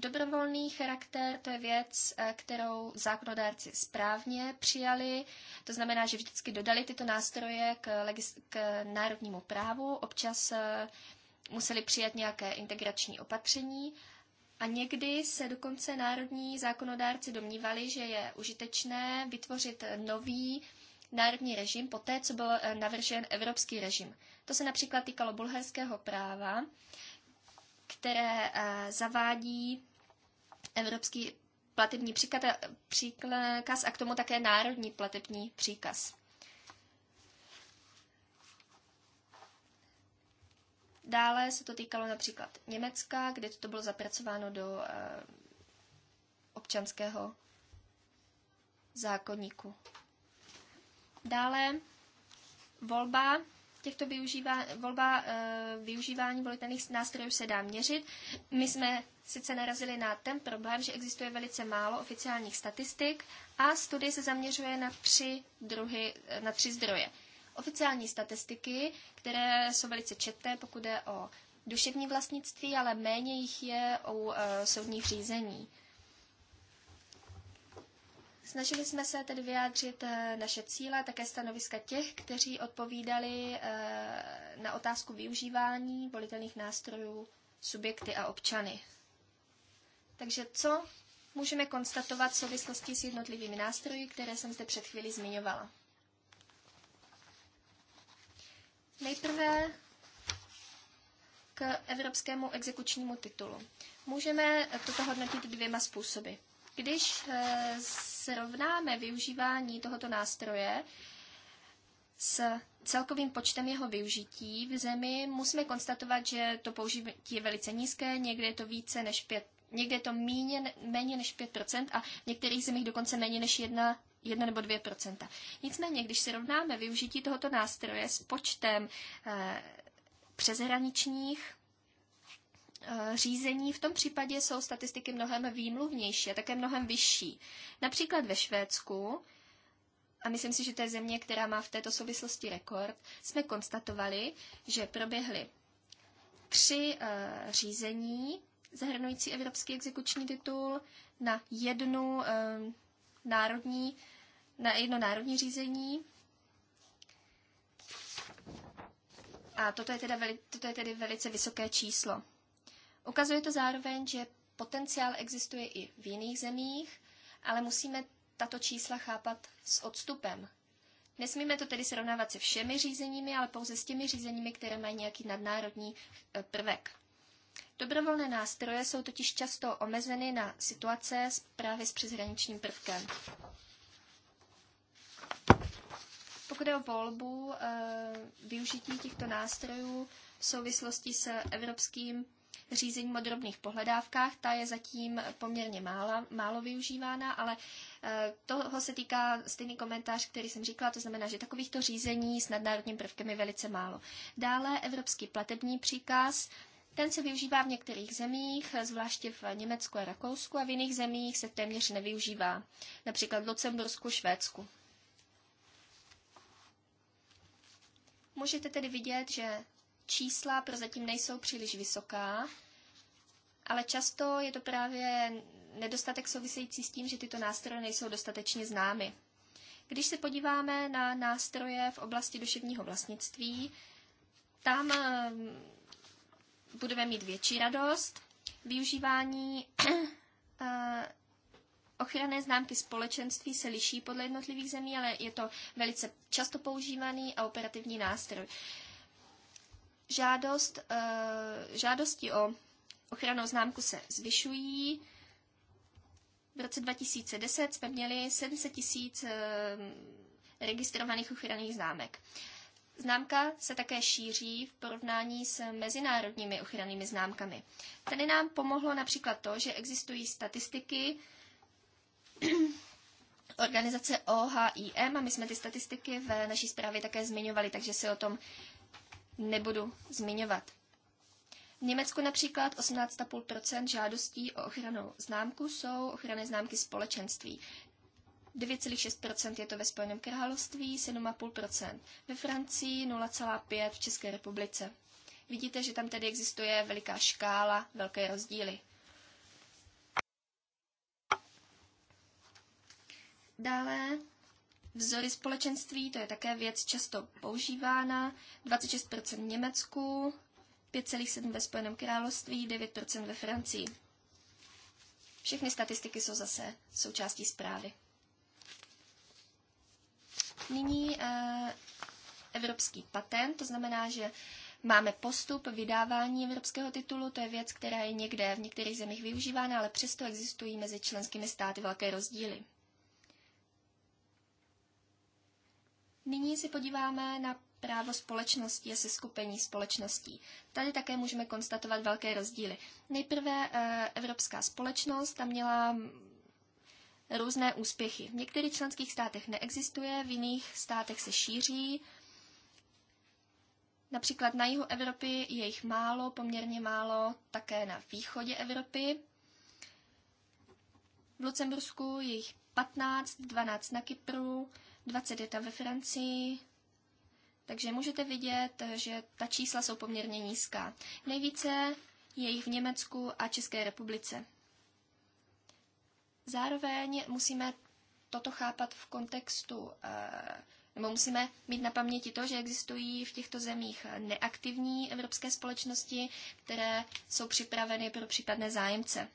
Dobrovolný charakter to je věc, eh, kterou zákonodárci správně přijali, to znamená, že vždycky dodali tyto nástroje k, legis- k národnímu právu, občas eh, museli přijat nějaké integrační opatření a někdy se dokonce národní zákonodárci domnívali, že je užitečné vytvořit nový národní režim poté, co byl eh, navržen evropský režim. To se například týkalo bulharského práva, které zavádí evropský platební příkaz a k tomu také národní platební příkaz. Dále se to týkalo například Německa, kde to bylo zapracováno do eh, občanského zákonníku. Dále volba těchto využívá, volba, e, využívání volitelných nástrojů se dá měřit. My jsme sice narazili na ten problém, že existuje velice málo oficiálních statistik a studie se zaměřuje na tři, druhy, na tři zdroje. Oficiální statistiky, které jsou velice četné, pokud je o duševní vlastnictví, ale méně jich je o e, soudních řízení. Snažili jsme se tedy vyjádřit e, naše cíle, také stanoviska těch, kteří odpovídali e, na otázku využívání volitelných nástrojů subjekty a občany. Takže co můžeme konstatovat v souvislosti s jednotlivými nástroji, které jsem zde před chvílí zmiňovala? Nejprve k evropskému exekučnímu titulu. Můžeme toto hodnotit dvěma způsoby. Když eh, srovnáme využívání tohoto nástroje s celkovým počtem jeho využití v zemi, musíme konstatovat, že to použití je velice nízké, někde je to více než 5 Někde je to míně, méně než 5% a v některých zemích dokonce méně než 1, 1 nebo 2%. Nicméně, když si rovnáme využití tohoto nástroje s počtem eh, přeshraničních eh, řízení v tom případě jsou statistiky mnohem výmluvnější a také mnohem vyšší. Například ve Švédsku, a myslím si, že to je země, která má v této souvislosti rekord, jsme konstatovali, že proběhly tři uh, řízení zahrnující evropský exekuční titul na jednu um, národní, na jedno národní řízení. A toto je, teda veli, toto je tedy velice vysoké číslo. Ukazuje to zároveň, že potenciál existuje i v jiných zemích, ale musíme tato čísla chápat s odstupem. Nesmíme to tedy srovnávat se všemi řízeními, ale pouze s těmi řízeními, které mají nějaký nadnárodní eh, prvek. Dobrovolné nástroje jsou totiž často omezeny na situace právě s přeshraničním prvkem. Pokud je o volbu e, využití těchto nástrojů v souvislosti s evropským řízením o drobných pohledávkách, ta je zatím poměrně mála, málo využívána, ale e, toho se týká stejný komentář, který jsem říkala, to znamená, že takovýchto řízení s nadnárodním prvkem je velice málo. Dále evropský platební příkaz, ten se využívá v některých zemích, zvláště v Německu a Rakousku, a v jiných zemích se téměř nevyužívá, například v Lucembursku, Švédsku. Můžete tedy vidět, že čísla prozatím nejsou příliš vysoká, ale často je to právě nedostatek související s tím, že tyto nástroje nejsou dostatečně známy. Když se podíváme na nástroje v oblasti duševního vlastnictví, tam budeme mít větší radost. Využívání <clears throat> eh, Ochranné známky společenství se liší podle jednotlivých zemí, ale je to velice často používaný a operativní nástroj. Žádost, eh, žádosti o ochranou známku se zvyšují. V roce 2010 jsme měli 700 tisíc eh, registrovaných ochranných známek. Známka se také šíří v porovnání s mezinárodními ochrannými známkami. Tady nám pomohlo například to, že existují statistiky <clears throat> organizace OHIM a my jsme ty statistiky v naší zprávě také zmiňovali, takže se o tom nebudu zmiňovat. V Německu například 18,5 žádostí o ochranu známku jsou ochranné známky společenství. 9,6% je to ve Spojeném království, 7,5% ve Francii, 0,5% v České republice. Vidíte, že tam tedy existuje veliká škála, velké rozdíly. Dále vzory společenství, to je také věc často používána. 26% v Německu, 5,7% ve Spojeném království, 9% ve Francii. Všechny statistiky jsou zase součástí zprávy. Nyní eh, evropský patent, to znamená, že Máme postup vydávání evropského titulu, to je věc, která je někde v některých zemích využívána, ale přesto existují mezi členskými státy velké rozdíly. Nyní si podíváme na právo společností a seskupení společností. Tady také můžeme konstatovat velké rozdíly. Nejprve eh, Evropská společnost, ta měla různé úspěchy. V některých členských státech neexistuje, v jiných státech se šíří. Například na jihu Evropy je jich málo, poměrně málo také na východě Evropy. V Lucembursku je jich 15, 12 na Kypru, 21 ve Francii. Takže můžete vidět, že ta čísla jsou poměrně nízká. Nejvíce je jich v Německu a České republice. Zároveň musíme toto chápat v kontextu, eh, nebo musíme mít na paměti to, že existují v těchto zemích neaktivní evropské společnosti, které jsou připraveny pro případné zájemce.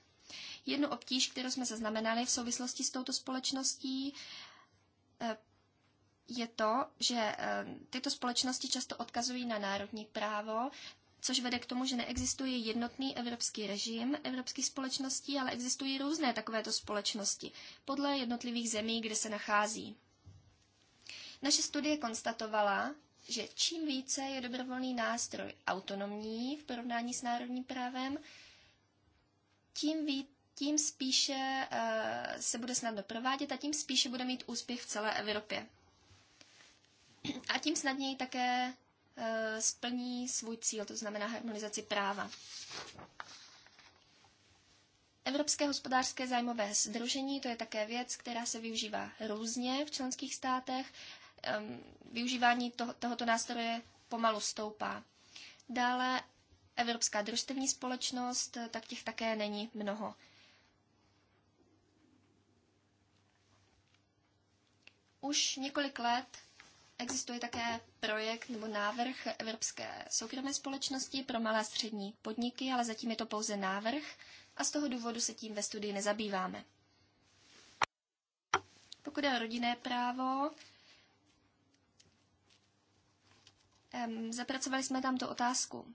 Jednu obtíž, kterou jsme zaznamenali v souvislosti s touto společností, eh, je to, že eh, tyto společnosti často odkazují na národní právo, což vede k tomu, že neexistuje jednotný evropský režim evropských společností, ale existují různé takovéto společnosti podle jednotlivých zemí, kde se nachází. Naše studie konstatovala, že čím více je dobrovolný nástroj autonomní v porovnání s národním právem, tím, ví, tím spíše uh, se bude snadno provádět a tím spíše bude mít úspěch v celé Evropě. A tím snadněji také Eh, splní svůj cíl, to znamená harmonizaci práva. Evropské hospodářské zájmové sdružení, to je také věc, která se využívá různě v členských státech. Využívání toho, tohoto nástroje pomalu stoupá. Dále Evropská družstevní společnost, tak těch také není mnoho. Už několik let Existuje také projekt nebo návrh Evropské soukromé společnosti pro malé a střední podniky, ale zatím je to pouze návrh a z toho důvodu se tím ve studii nezabýváme. Pokud je o rodinné právo, zapracovali jsme tam tu otázku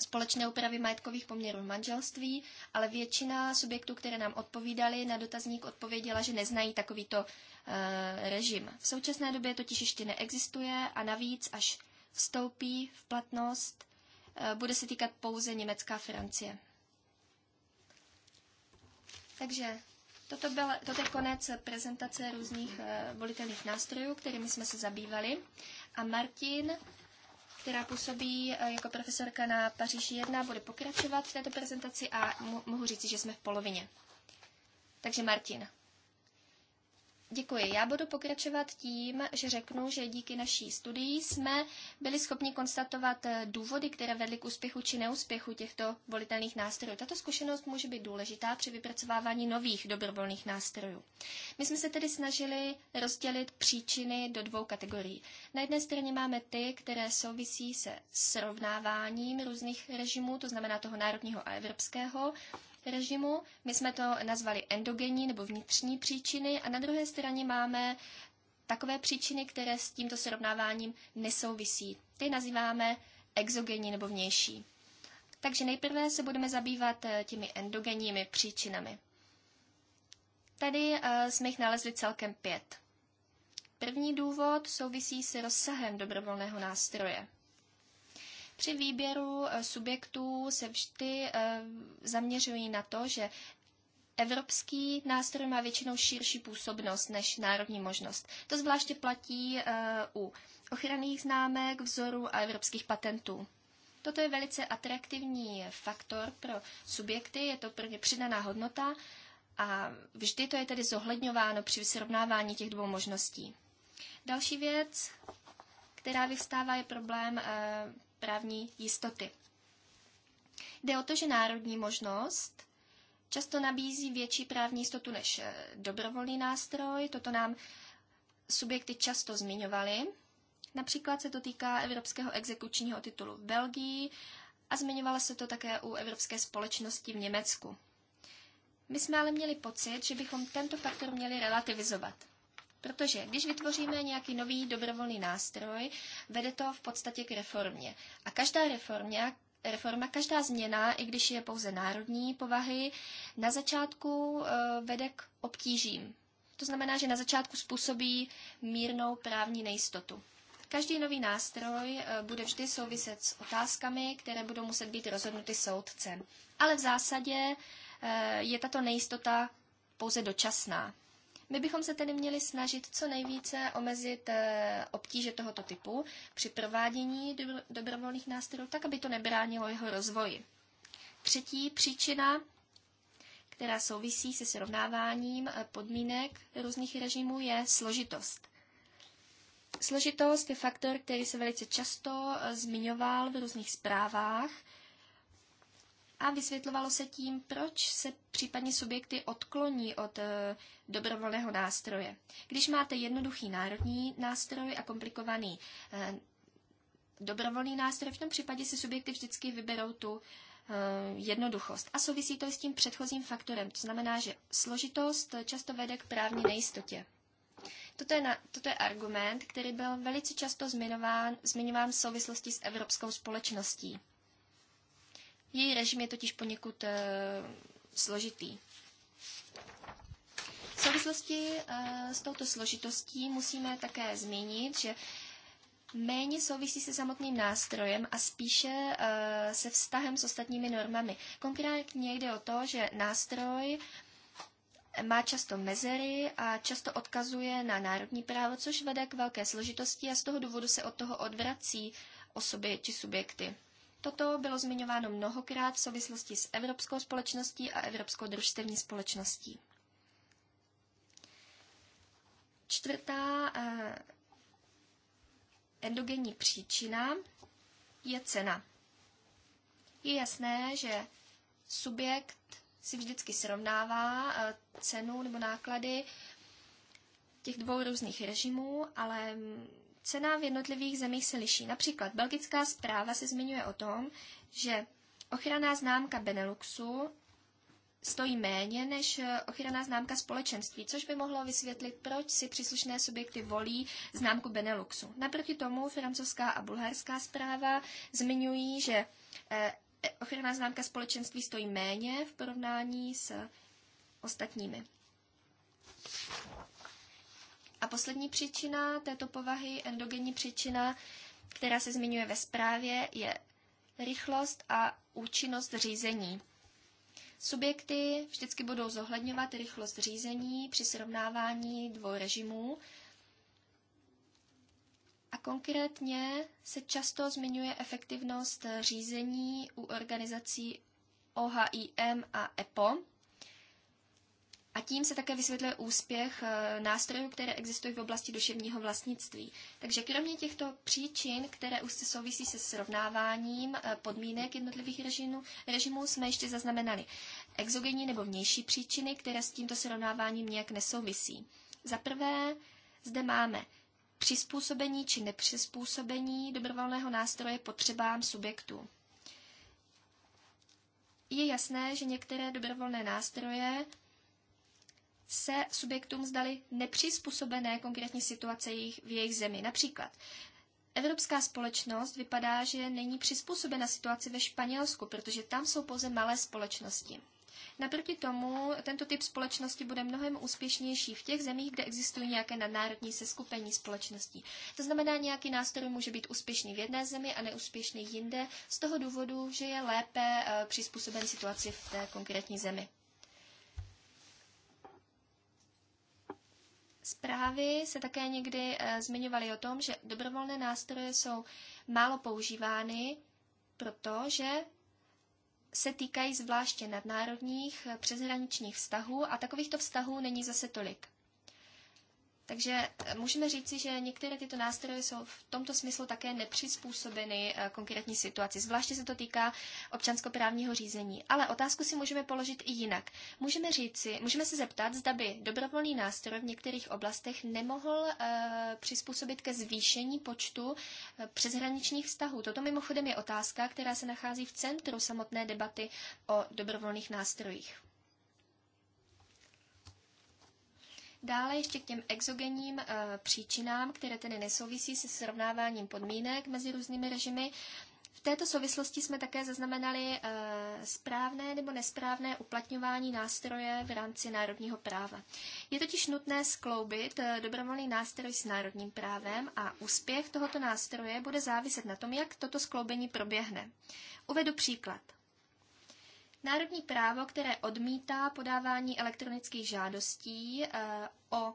společné úpravy majetkových poměrů v manželství, ale většina subjektů, které nám odpovídali, na dotazník odpověděla, že neznají takovýto e, režim. V současné době totiž ještě neexistuje a navíc, až vstoupí v platnost, e, bude se týkat pouze Německá Francie. Takže toto, byl, toto je konec prezentace různých e, volitelných nástrojů, kterými jsme se zabývali. A Martin která působí eh, jako profesorka na Paříži 1, bude pokračovat v této prezentaci a mohu říci, že jsme v polovině. Takže Martin. Děkuji. Já budu pokračovat tím, že řeknu, že díky naší studii jsme byli schopni konstatovat eh, důvody, které vedly k úspěchu či neúspěchu těchto volitelných nástrojů. Tato zkušenost může být důležitá při vypracovávání nových dobrovolných nástrojů. My jsme se tedy snažili rozdělit příčiny do dvou kategorií. Na jedné straně máme ty, které souvisí se srovnáváním různých režimů, to znamená toho národního a evropského, režimu. My jsme to nazvali endogenní nebo vnitřní příčiny a na druhé straně máme takové příčiny, které s tímto srovnáváním nesouvisí. Ty nazýváme exogenní nebo vnější. Takže nejprve se budeme zabývat eh, těmi endogenními příčinami. Tady eh, jsme jich nalezli celkem pět. První důvod souvisí s rozsahem dobrovolného nástroje. Při výběru eh, subjektů se vždy eh, zaměřují na to, že Evropský nástroj má většinou širší působnost než národní možnost. To zvláště platí eh, u ochranných známek, vzorů a evropských patentů. Toto je velice atraktivní faktor pro subjekty, je to pro ně přidaná hodnota a vždy to je tedy zohledňováno při srovnávání těch dvou možností. Další věc, která vyvstává, je problém právní jistoty. Jde o to, že národní možnost často nabízí větší právní jistotu než eh, dobrovolný nástroj. Toto nám subjekty často zmiňovaly. Například se to týká Evropského exekučního titulu v Belgii a zmiňovalo se to také u Evropské společnosti v Německu. My jsme ale měli pocit, že bychom tento faktor měli relativizovat. Protože když vytvoříme nějaký nový dobrovolný nástroj, vede to v podstatě k reformě. A každá reformě, reforma, každá změna, i když je pouze národní povahy, na začátku eh, vede k obtížím. To znamená, že na začátku způsobí mírnou právní nejistotu. Každý nový nástroj eh, bude vždy souviset s otázkami, které budou muset být rozhodnuty soudcem. Ale v zásadě eh, je tato nejistota pouze dočasná. My bychom se tedy měli snažit co nejvíce omezit eh, obtíže tohoto typu při provádění dobrovolných nástrojů, tak aby to nebránilo jeho rozvoji. Třetí příčina, která souvisí se srovnáváním eh, podmínek různých režimů, je složitost. Složitost je faktor, který se velice často eh, zmiňoval v různých zprávách a vysvětlovalo se tím, proč se případně subjekty odkloní od e, dobrovolného nástroje. Když máte jednoduchý národní nástroj a komplikovaný e, dobrovolný nástroj, v tom případě si subjekty vždycky vyberou tu eh, jednoduchost. A souvisí to s tím předchozím faktorem. To znamená, že složitost často vede k právní nejistotě. Toto je, na, toto je argument, který byl velice často zmiňován, zmiňován v souvislosti s evropskou společností. Její režim je totiž poněkud uh, složitý. V souvislosti uh, s touto složitostí musíme také zmínit, že méně souvisí se samotným nástrojem a spíše uh, se vztahem s ostatními normami. Konkrétně jde o to, že nástroj má často mezery a často odkazuje na národní právo, což vede k velké složitosti a z toho důvodu se od toho odvrací osoby či subjekty. Toto bylo zmiňováno mnohokrát v souvislosti s Evropskou společností a Evropskou družstevní společností. Čtvrtá eh, endogenní příčina je cena. Je jasné, že subjekt si vždycky srovnává eh, cenu nebo náklady těch dvou různých režimů, ale mm, Cena v jednotlivých zemích se liší. Například belgická zpráva se zmiňuje o tom, že ochranná známka Beneluxu stojí méně než eh, ochranná známka společenství, což by mohlo vysvětlit, proč si příslušné subjekty volí známku Beneluxu. Naproti tomu francouzská a bulharská zpráva zmiňují, že eh, ochranná známka společenství stojí méně v porovnání s ostatními poslední příčina této povahy, endogenní příčina, která se zmiňuje ve zprávě, je rychlost a účinnost řízení. Subjekty vždycky budou zohledňovat rychlost řízení při srovnávání dvou režimů. A konkrétně se často zmiňuje efektivnost řízení u organizací OHIM a EPO, a tím se také vysvětluje úspěch eh, nástrojů, které existují v oblasti duševního vlastnictví. Takže kromě těchto příčin, které už se souvisí se srovnáváním eh, podmínek jednotlivých režimů, režimů jsme ještě zaznamenali exogenní nebo vnější příčiny, které s tímto srovnáváním nějak nesouvisí. Za prvé, zde máme přizpůsobení či nepřizpůsobení dobrovolného nástroje potřebám subjektů. Je jasné, že některé dobrovolné nástroje se subjektům zdaly nepřizpůsobené konkrétní situace jejich, v jejich zemi. Například Evropská společnost vypadá, že není přizpůsobena situaci ve Španělsku, protože tam jsou pouze malé společnosti. Naproti tomu tento typ společnosti bude mnohem úspěšnější v těch zemích, kde existují nějaké nadnárodní seskupení společností. To znamená, nějaký nástroj může být úspěšný v jedné zemi a neúspěšný jinde z toho důvodu, že je lépe eh, přizpůsoben situaci v té konkrétní zemi. Zprávy se také někdy eh, zmiňovaly o tom, že dobrovolné nástroje jsou málo používány, protože se týkají zvláště nadnárodních eh, přeshraničních vztahů a takovýchto vztahů není zase tolik. Takže eh, můžeme říci, že některé tyto nástroje jsou v tomto smyslu také nepřizpůsobeny eh, konkrétní situaci. Zvláště se to týká občanskoprávního řízení. Ale otázku si můžeme položit i jinak. Můžeme, říci, můžeme se zeptat, zda by dobrovolný nástroj v některých oblastech nemohl eh, přizpůsobit ke zvýšení počtu přeshraničních vztahů. Toto mimochodem je otázka, která se nachází v centru samotné debaty o dobrovolných nástrojích. Dále ještě k těm exogenním e, příčinám, které tedy nesouvisí se srovnáváním podmínek mezi různými režimy. V této souvislosti jsme také zaznamenali e, správné nebo nesprávné uplatňování nástroje v rámci národního práva. Je totiž nutné skloubit e, dobrovolný nástroj s národním právem a úspěch tohoto nástroje bude záviset na tom, jak toto skloubení proběhne. Uvedu příklad. Národní právo, které odmítá podávání elektronických žádostí eh, o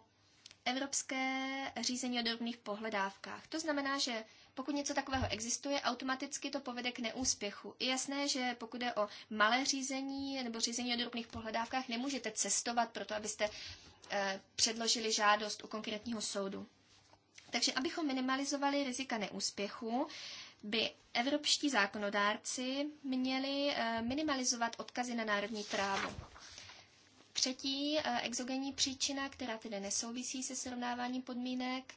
evropské řízení o drobných pohledávkách. To znamená, že pokud něco takového existuje, automaticky to povede k neúspěchu. Je jasné, že pokud je o malé řízení nebo řízení o drobných pohledávkách, nemůžete cestovat proto, abyste eh, předložili žádost u konkrétního soudu. Takže abychom minimalizovali rizika neúspěchu, by evropští zákonodárci měli eh, minimalizovat odkazy na národní právo. Třetí eh, exogenní příčina, která tedy nesouvisí se srovnáváním podmínek,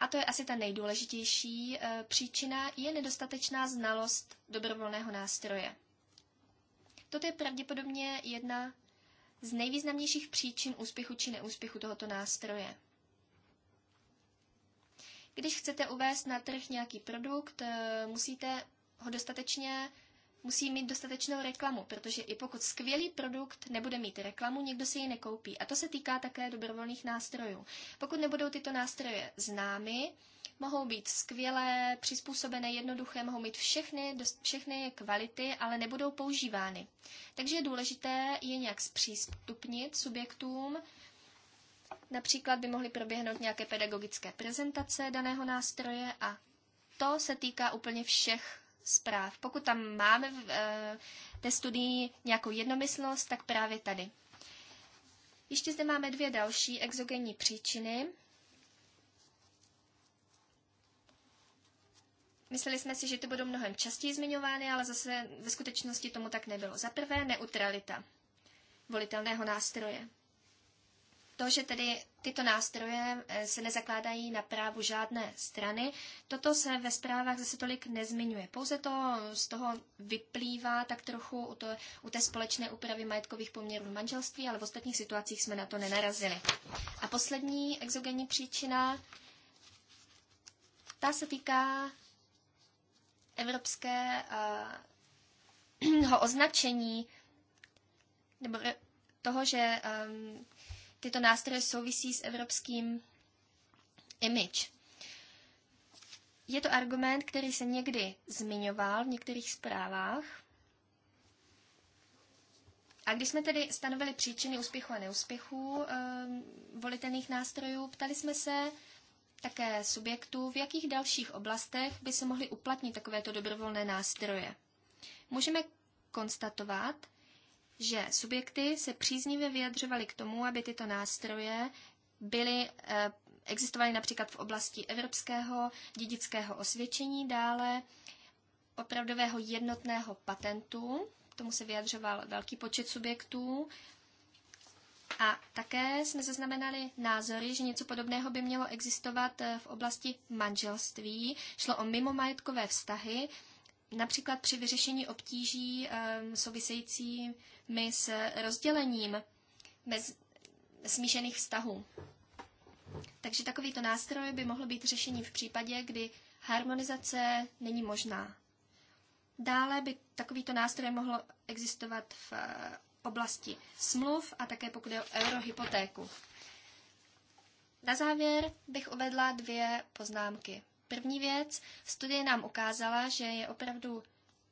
a to je asi ta nejdůležitější eh, příčina, je nedostatečná znalost dobrovolného nástroje. Toto je pravděpodobně jedna z nejvýznamnějších příčin úspěchu či neúspěchu tohoto nástroje. Když chcete uvést na trh nějaký produkt, eh, musíte ho dostatečně, musí mít dostatečnou reklamu, protože i pokud skvělý produkt nebude mít reklamu, nikdo si ji nekoupí. A to se týká také dobrovolných nástrojů. Pokud nebudou tyto nástroje známy, mohou být skvělé, přizpůsobené, jednoduché, mohou mít všechny, dost, všechny kvality, ale nebudou používány. Takže je důležité je nějak zpřístupnit subjektům, Například by mohly proběhnout nějaké pedagogické prezentace daného nástroje a to se týká úplně všech zpráv. Pokud tam máme v té eh, studii nějakou jednomyslnost, tak právě tady. Ještě zde máme dvě další exogenní příčiny. Mysleli jsme si, že to budou mnohem častěji zmiňovány, ale zase ve skutečnosti tomu tak nebylo. Za prvé neutralita volitelného nástroje. To, že tedy tyto nástroje eh, se nezakládají na právu žádné strany, toto se ve zprávách zase tolik nezmiňuje. Pouze to z toho vyplývá tak trochu u, to, u té společné úpravy majetkových poměrů v manželství, ale v ostatních situacích jsme na to nenarazili. A poslední exogenní příčina, ta se týká evropského eh, <clears throat> označení nebo toho, že um, tyto nástroje souvisí s evropským image. Je to argument, který se někdy zmiňoval v některých zprávách. A když jsme tedy stanovili příčiny úspěchu a neúspěchu e, volitelných nástrojů, ptali jsme se také subjektů, v jakých dalších oblastech by se mohly uplatnit takovéto dobrovolné nástroje. Můžeme konstatovat, že subjekty se příznivě vyjadřovaly k tomu, aby tyto nástroje byly, eh, existovaly například v oblasti evropského dědického osvědčení, dále opravdového jednotného patentu, k tomu se vyjadřoval velký počet subjektů, a také jsme zaznamenali názory, že něco podobného by mělo existovat eh, v oblasti manželství. Šlo o mimo majetkové vztahy, například při vyřešení obtíží eh, související my s rozdělením bez smíšených vztahů. Takže takovýto nástroj by mohl být řešením v případě, kdy harmonizace není možná. Dále by takovýto nástroj mohl existovat v eh, oblasti smluv a také pokud je o eurohypotéku. Na závěr bych uvedla dvě poznámky. První věc, studie nám ukázala, že je opravdu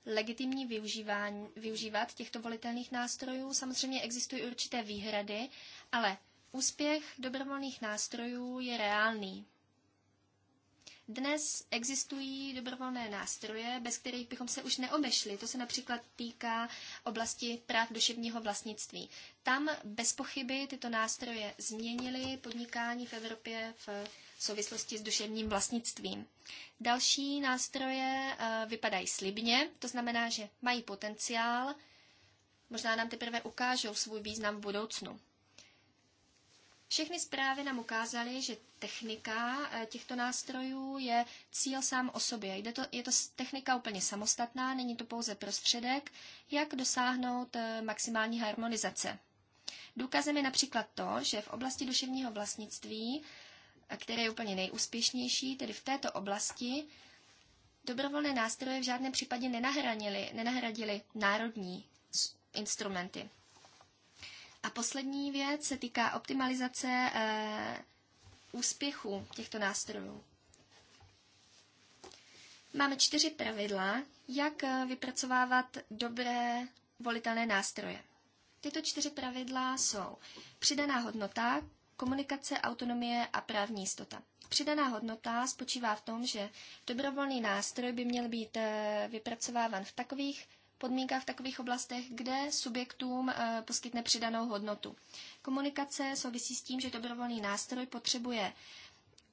legitimní využívání, využívat těchto volitelných nástrojů. Samozřejmě existují určité výhrady, ale úspěch dobrovolných nástrojů je reálný. Dnes existují dobrovolné nástroje, bez kterých bychom se už neobešli. To se například týká oblasti práv duševního vlastnictví. Tam bez pochyby tyto nástroje změnily podnikání v Evropě v v souvislosti s duševním vlastnictvím. Další nástroje eh, vypadají slibně, to znamená, že mají potenciál, možná nám teprve ukážou svůj význam v budoucnu. Všechny zprávy nám ukázaly, že technika eh, těchto nástrojů je cíl sám o sobě. Jde to, je to technika úplně samostatná, není to pouze prostředek, jak dosáhnout eh, maximální harmonizace. Důkazem je například to, že v oblasti duševního vlastnictví a které je úplně nejúspěšnější, tedy v této oblasti, dobrovolné nástroje v žádném případě nenahradily, nenahradily národní instrumenty. A poslední věc se týká optimalizace e, úspěchu těchto nástrojů. Máme čtyři pravidla, jak eh, vypracovávat dobré volitelné nástroje. Tyto čtyři pravidla jsou přidaná hodnota, komunikace, autonomie a právní jistota. Přidaná hodnota spočívá v tom, že dobrovolný nástroj by měl být eh, vypracováván v takových podmínkách, v takových oblastech, kde subjektům eh, poskytne přidanou hodnotu. Komunikace souvisí s tím, že dobrovolný nástroj potřebuje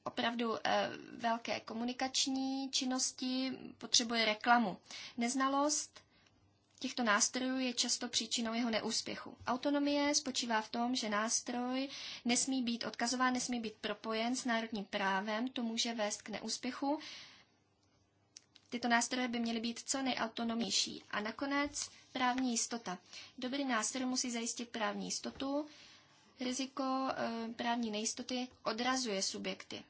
opravdu eh, velké komunikační činnosti, potřebuje reklamu. Neznalost těchto nástrojů je často příčinou jeho neúspěchu. Autonomie spočívá v tom, že nástroj nesmí být odkazován, nesmí být propojen s národním právem, to může vést k neúspěchu. Tyto nástroje by měly být co nejautonomnější. A nakonec právní jistota. Dobrý nástroj musí zajistit právní jistotu. Riziko e, právní nejistoty odrazuje subjekty.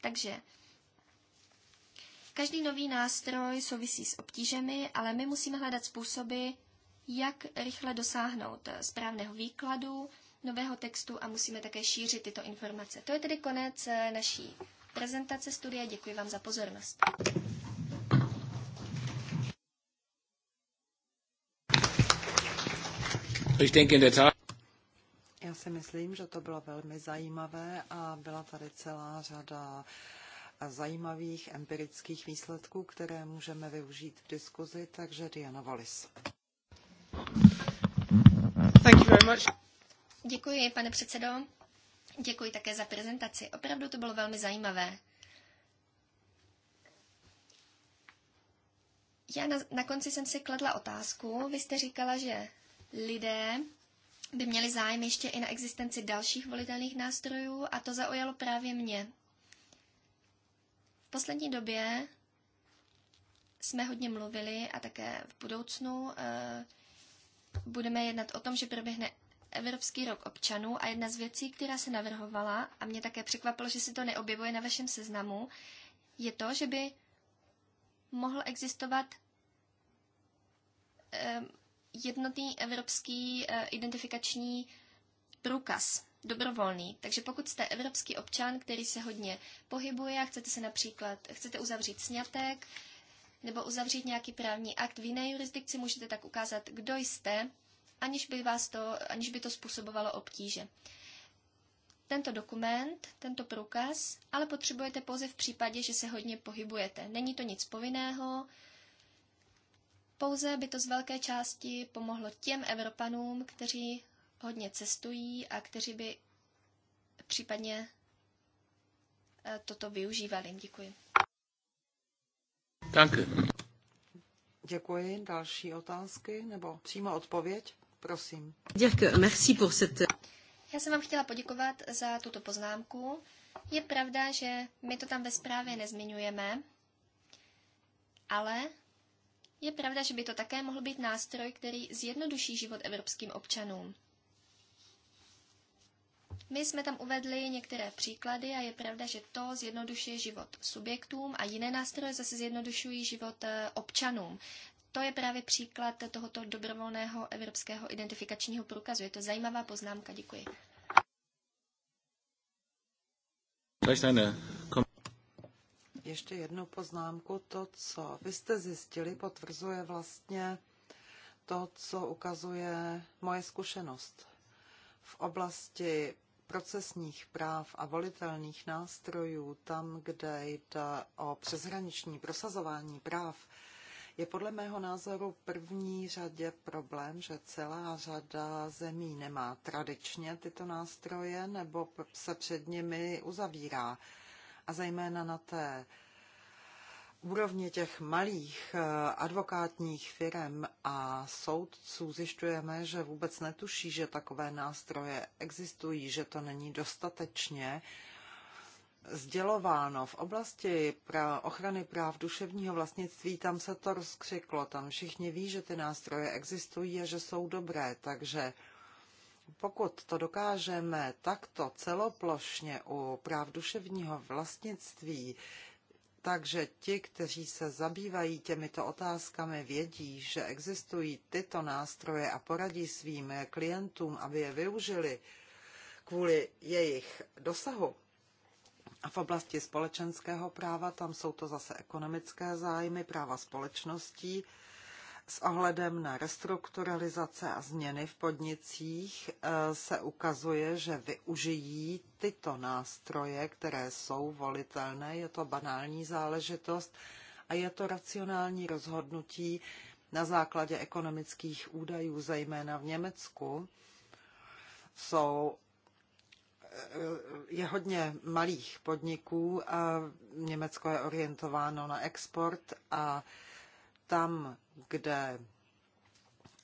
Takže Každý nový nástroj souvisí s obtížemi, ale my musíme hledat způsoby, jak rychle dosáhnout správného výkladu, nového textu a musíme také šířit tyto informace. To je tedy konec eh, naší prezentace studia. Děkuji vám za pozornost. Já si myslím, že to bylo velmi zajímavé a byla tady celá řada uh, a zajímavých empirických výsledků, které můžeme využít v diskuzi, takže Diana Wallis. Thank you very much. Děkuji, pane předsedo. Děkuji také za prezentaci. Opravdu to bylo velmi zajímavé. Já na, na konci jsem si kladla otázku. Vy jste říkala, že lidé by měli zájem ještě i na existenci dalších volitelných nástrojů a to zaujalo právě mě poslední době jsme hodně mluvili a také v budoucnu eh, budeme jednat o tom, že proběhne Evropský rok občanů a jedna z věcí, která se navrhovala, a mě také překvapilo, že se to neobjevuje na vašem seznamu, je to, že by mohl existovat eh, jednotný evropský eh, identifikační průkaz dobrovolný. Takže pokud jste evropský občan, který se hodně pohybuje a chcete se například, chcete uzavřít sňatek nebo uzavřít nějaký právní akt v jiné jurisdikci, můžete tak ukázat, kdo jste, aniž by, vás to, aniž by to způsobovalo obtíže. Tento dokument, tento průkaz, ale potřebujete pouze v případě, že se hodně pohybujete. Není to nic povinného, pouze by to z velké části pomohlo těm Evropanům, kteří hodně cestují a kteří by případně eh, toto využívali. Děkuji. Danke. Děkuji. Další otázky nebo přímo odpověď? Prosím. Děkuji. Merci pour cette... Já jsem vám chtěla poděkovat za tuto poznámku. Je pravda, že my to tam ve zprávě nezmiňujeme, ale je pravda, že by to také mohl být nástroj, který zjednoduší život evropským občanům. My jsme tam uvedli některé příklady a je pravda, že to zjednodušuje život subjektům a jiné nástroje zase zjednodušují život eh, občanům. To je právě příklad tohoto dobrovolného evropského identifikačního průkazu. Je to zajímavá poznámka, děkuji. Ještě jednu poznámku. To, co vy jste zjistili, potvrzuje vlastně to, co ukazuje moje zkušenost v oblasti procesních práv a volitelných nástrojů tam, kde jde o přeshraniční prosazování práv, je podle mého názoru první řadě problém, že celá řada zemí nemá tradičně tyto nástroje nebo se před nimi uzavírá. A zejména na té úrovni těch malých eh, advokátních firm a soudců zjišťujeme, že vůbec netuší, že takové nástroje existují, že to není dostatečně sdělováno. V oblasti ochrany práv duševního vlastnictví tam se to rozkřiklo. Tam všichni ví, že ty nástroje existují a že jsou dobré, takže pokud to dokážeme takto celoplošně u práv duševního vlastnictví takže ti, kteří se zabývají těmito otázkami, vědí, že existují tyto nástroje a poradí svým klientům, aby je využili kvůli jejich dosahu. A v oblasti společenského práva tam jsou to zase ekonomické zájmy, práva společností, s ohledem na restrukturalizace a změny v podnicích e, se ukazuje, že využijí tyto nástroje, které jsou volitelné. Je to banální záležitost a je to racionální rozhodnutí na základě ekonomických údajů, zejména v Německu. Jsou e, je hodně malých podniků. A Německo je orientováno na export a tam, kde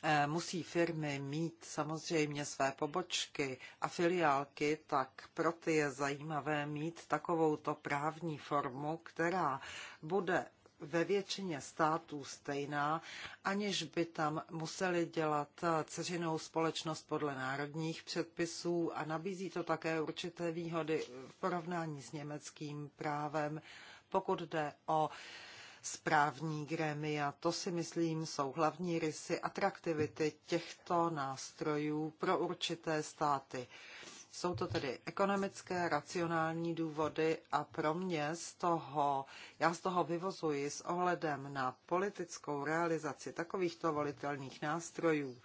eh, musí firmy mít samozřejmě své pobočky a filiálky, tak pro ty je zajímavé mít takovouto právní formu, která bude ve většině států stejná, aniž by tam museli dělat eh, ceřinou společnost podle národních předpisů a nabízí to také určité výhody v porovnání s německým právem, pokud jde o uh, správní grémia. To si myslím jsou hlavní rysy atraktivity těchto nástrojů pro určité státy. Jsou to tedy ekonomické, racionální důvody a pro mě z toho, já z toho vyvozuji s ohledem na politickou realizaci takovýchto volitelných nástrojů,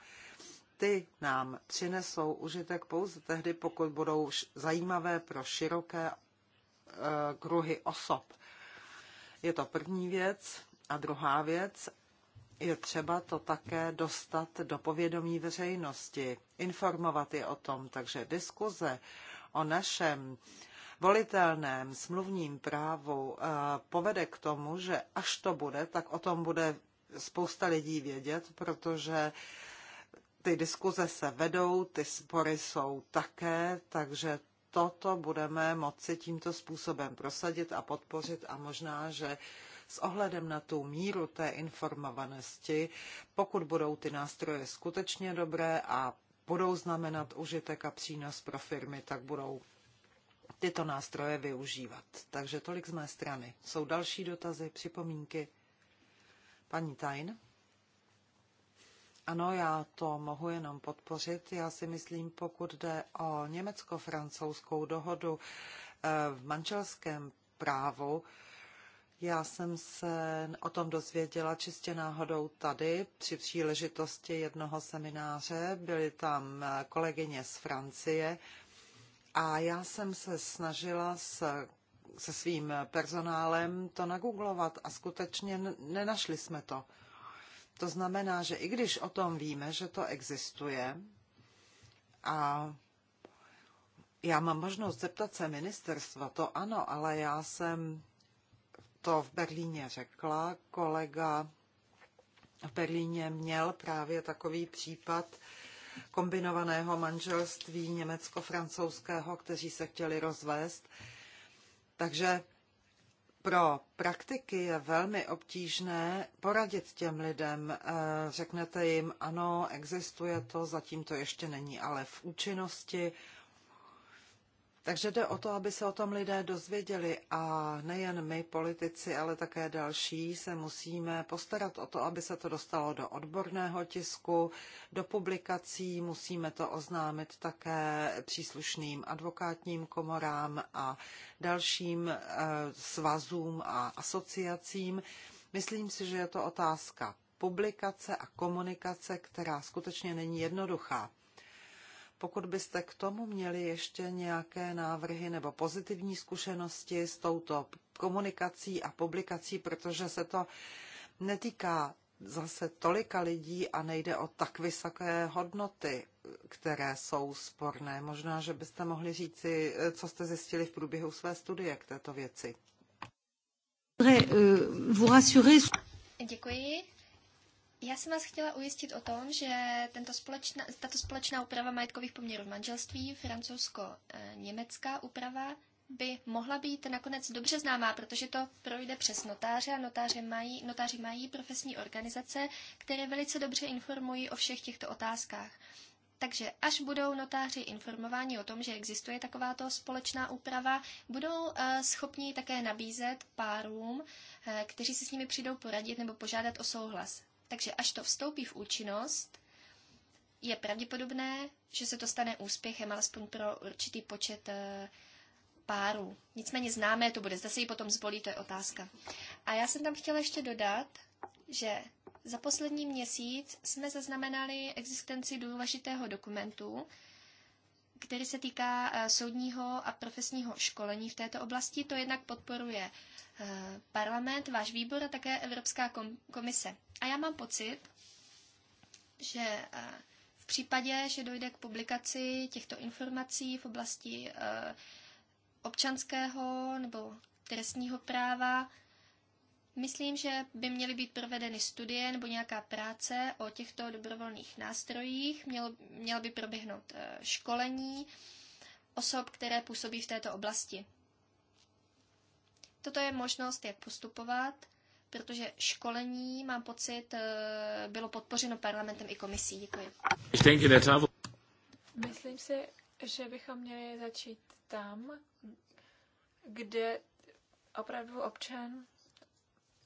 ty nám přinesou užitek pouze tehdy, pokud budou zajímavé pro široké eh, kruhy osob. Je to první věc. A druhá věc, je třeba to také dostat do povědomí veřejnosti, informovat je o tom. Takže diskuze o našem volitelném smluvním právu eh, povede k tomu, že až to bude, tak o tom bude spousta lidí vědět, protože ty diskuze se vedou, ty spory jsou také, takže toto budeme moci tímto způsobem prosadit a podpořit a možná, že s ohledem na tu míru té informovanosti, pokud budou ty nástroje skutečně dobré a budou znamenat užitek a přínos pro firmy, tak budou tyto nástroje využívat. Takže tolik z mé strany. Jsou další dotazy, připomínky? Paní Tajn? Ano, já to mohu jenom podpořit. Já si myslím, pokud jde o německo-francouzskou dohodu eh, v manželském právu, já jsem se o tom dozvěděla čistě náhodou tady při příležitosti jednoho semináře. Byly tam eh, kolegyně z Francie a já jsem se snažila s se svým personálem to nagooglovat a skutečně nenašli jsme to. To znamená, že i když o tom víme, že to existuje, a já mám možnost zeptat se ministerstva, to ano, ale já jsem to v Berlíně řekla. Kolega v Berlíně měl právě takový případ kombinovaného manželství německo-francouzského, kteří se chtěli rozvést. Takže pro praktiky je velmi obtížné poradit těm lidem. Eh, řeknete jim, ano, existuje to, zatím to ještě není, ale v účinnosti takže jde o to, aby se o tom lidé dozvěděli a nejen my, politici, ale také další se musíme postarat o to, aby se to dostalo do odborného tisku, do publikací, musíme to oznámit také příslušným advokátním komorám a dalším eh, svazům a asociacím. Myslím si, že je to otázka publikace a komunikace, která skutečně není jednoduchá. Pokud byste k tomu měli ještě nějaké návrhy nebo pozitivní zkušenosti s touto komunikací a publikací, protože se to netýká zase tolika lidí a nejde o tak vysoké hodnoty, které jsou sporné. Možná, že byste mohli říci, co jste zjistili v průběhu své studie k této věci. Euh, Děkuji. Já jsem vás chtěla ujistit o tom, že tento společná, tato společná úprava majetkových poměrů manželství, francouzsko-německá eh, úprava, by mohla být nakonec dobře známá, protože to projde přes notáře a notáři mají, notáři mají profesní organizace, které velice dobře informují o všech těchto otázkách. Takže až budou notáři informováni o tom, že existuje takováto společná úprava, budou uh, schopni také nabízet párům, uh, kteří se s nimi přijdou poradit nebo požádat o souhlas. Takže až to vstoupí v účinnost, je pravděpodobné, že se to stane úspěchem, alespoň pro určitý počet eh, párů. Nicméně známé to bude, zda se ji potom zvolí, to je otázka. A já jsem tam chtěla ještě dodat, že za poslední měsíc jsme zaznamenali existenci důležitého dokumentu, který se týká eh, soudního a profesního školení v této oblasti. To jednak podporuje eh, parlament, váš výbor a také Evropská komise. A já mám pocit, že eh, v případě, že dojde k publikaci těchto informací v oblasti občanského nebo trestního práva, Myslím, že by měly být provedeny studie nebo nějaká práce o těchto dobrovolných nástrojích. Mělo, mělo by proběhnout eh, školení osob, které působí v této oblasti. Toto je možnost, jak postupovat, protože školení, mám pocit, eh, bylo podpořeno parlamentem i komisí. Děkuji. Myslím si, že bychom měli začít tam, kde opravdu občan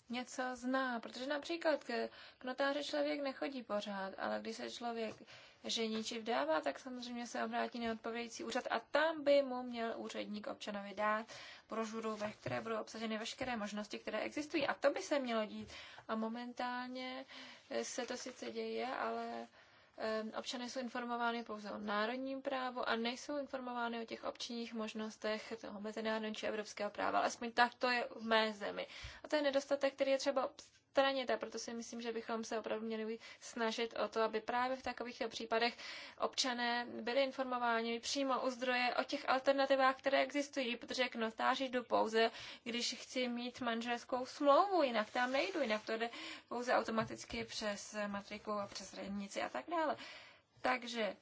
něco zná, protože například k, k notáři člověk nechodí pořád, ale když se člověk žení či vdává, tak samozřejmě se obrátí na úřad a tam by mu měl úředník občanovi dát brožuru, ve které budou obsaženy veškeré možnosti, které existují. A to by se mělo dít. A momentálně se to sice děje, ale Ehm, občany jsou informovány pouze o národním právu a nejsou informovány o těch občinných možnostech toho mezinárodního či evropského práva. Alespoň tak to je v mé zemi. A to je nedostatek, který je třeba straně, tak proto si myslím, že bychom se opravdu měli snažit o to, aby právě v takových případech občané byli informováni přímo u zdroje o těch alternativách, které existují, protože k notáři jdu pouze, když chci mít manželskou smlouvu, jinak tam nejdu, jinak to jde pouze automaticky přes matriku a přes radnici a tak dále. Takže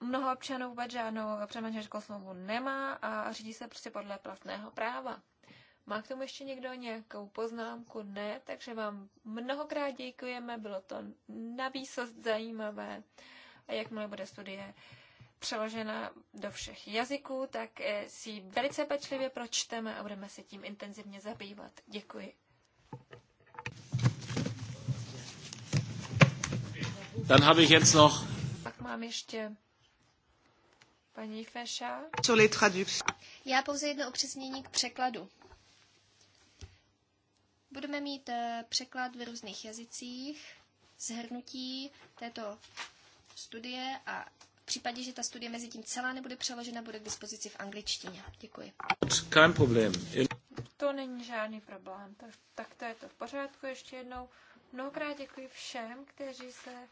mnoho občanů vůbec žádnou přemanželskou smlouvu nemá a řídí se prostě podle platného práva. Má k tomu ještě někdo nějakou poznámku? Ne, takže vám mnohokrát děkujeme, bylo to na výsost zajímavé. A jakmile bude studie přeložena do všech jazyků, tak eh, si ji velice pečlivě pročteme a budeme se tím intenzivně zabývat. Děkuji. Dann habe ich jetzt noch Pak mám ještě paní Feša. Já pouze jedno upřesnění k překladu. Budeme mít eh, překlad v různých jazycích, zhrnutí této studie a v případě, že ta studie mezi tím celá nebude přeložena, bude k dispozici v angličtině. Děkuji. problém. To není žádný problém. Tak, tak to je to v pořádku. Ještě jednou mnohokrát děkuji všem, kteří se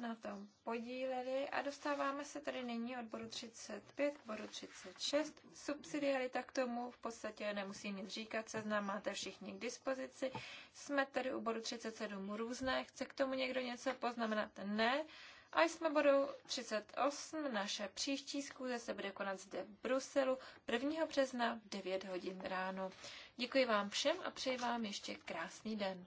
na tom podíleli a dostáváme se tady nyní od bodu 35 k bodu 36. Subsidiarita k tomu v podstatě nemusím nic říkat, seznam máte všichni k dispozici. Jsme tady u bodu 37 různé, chce k tomu někdo něco poznamenat? Ne. A jsme bodu 38, naše příští schůze se bude konat zde v Bruselu 1. března v 9 hodin ráno. Děkuji vám všem a přeji vám ještě krásný den.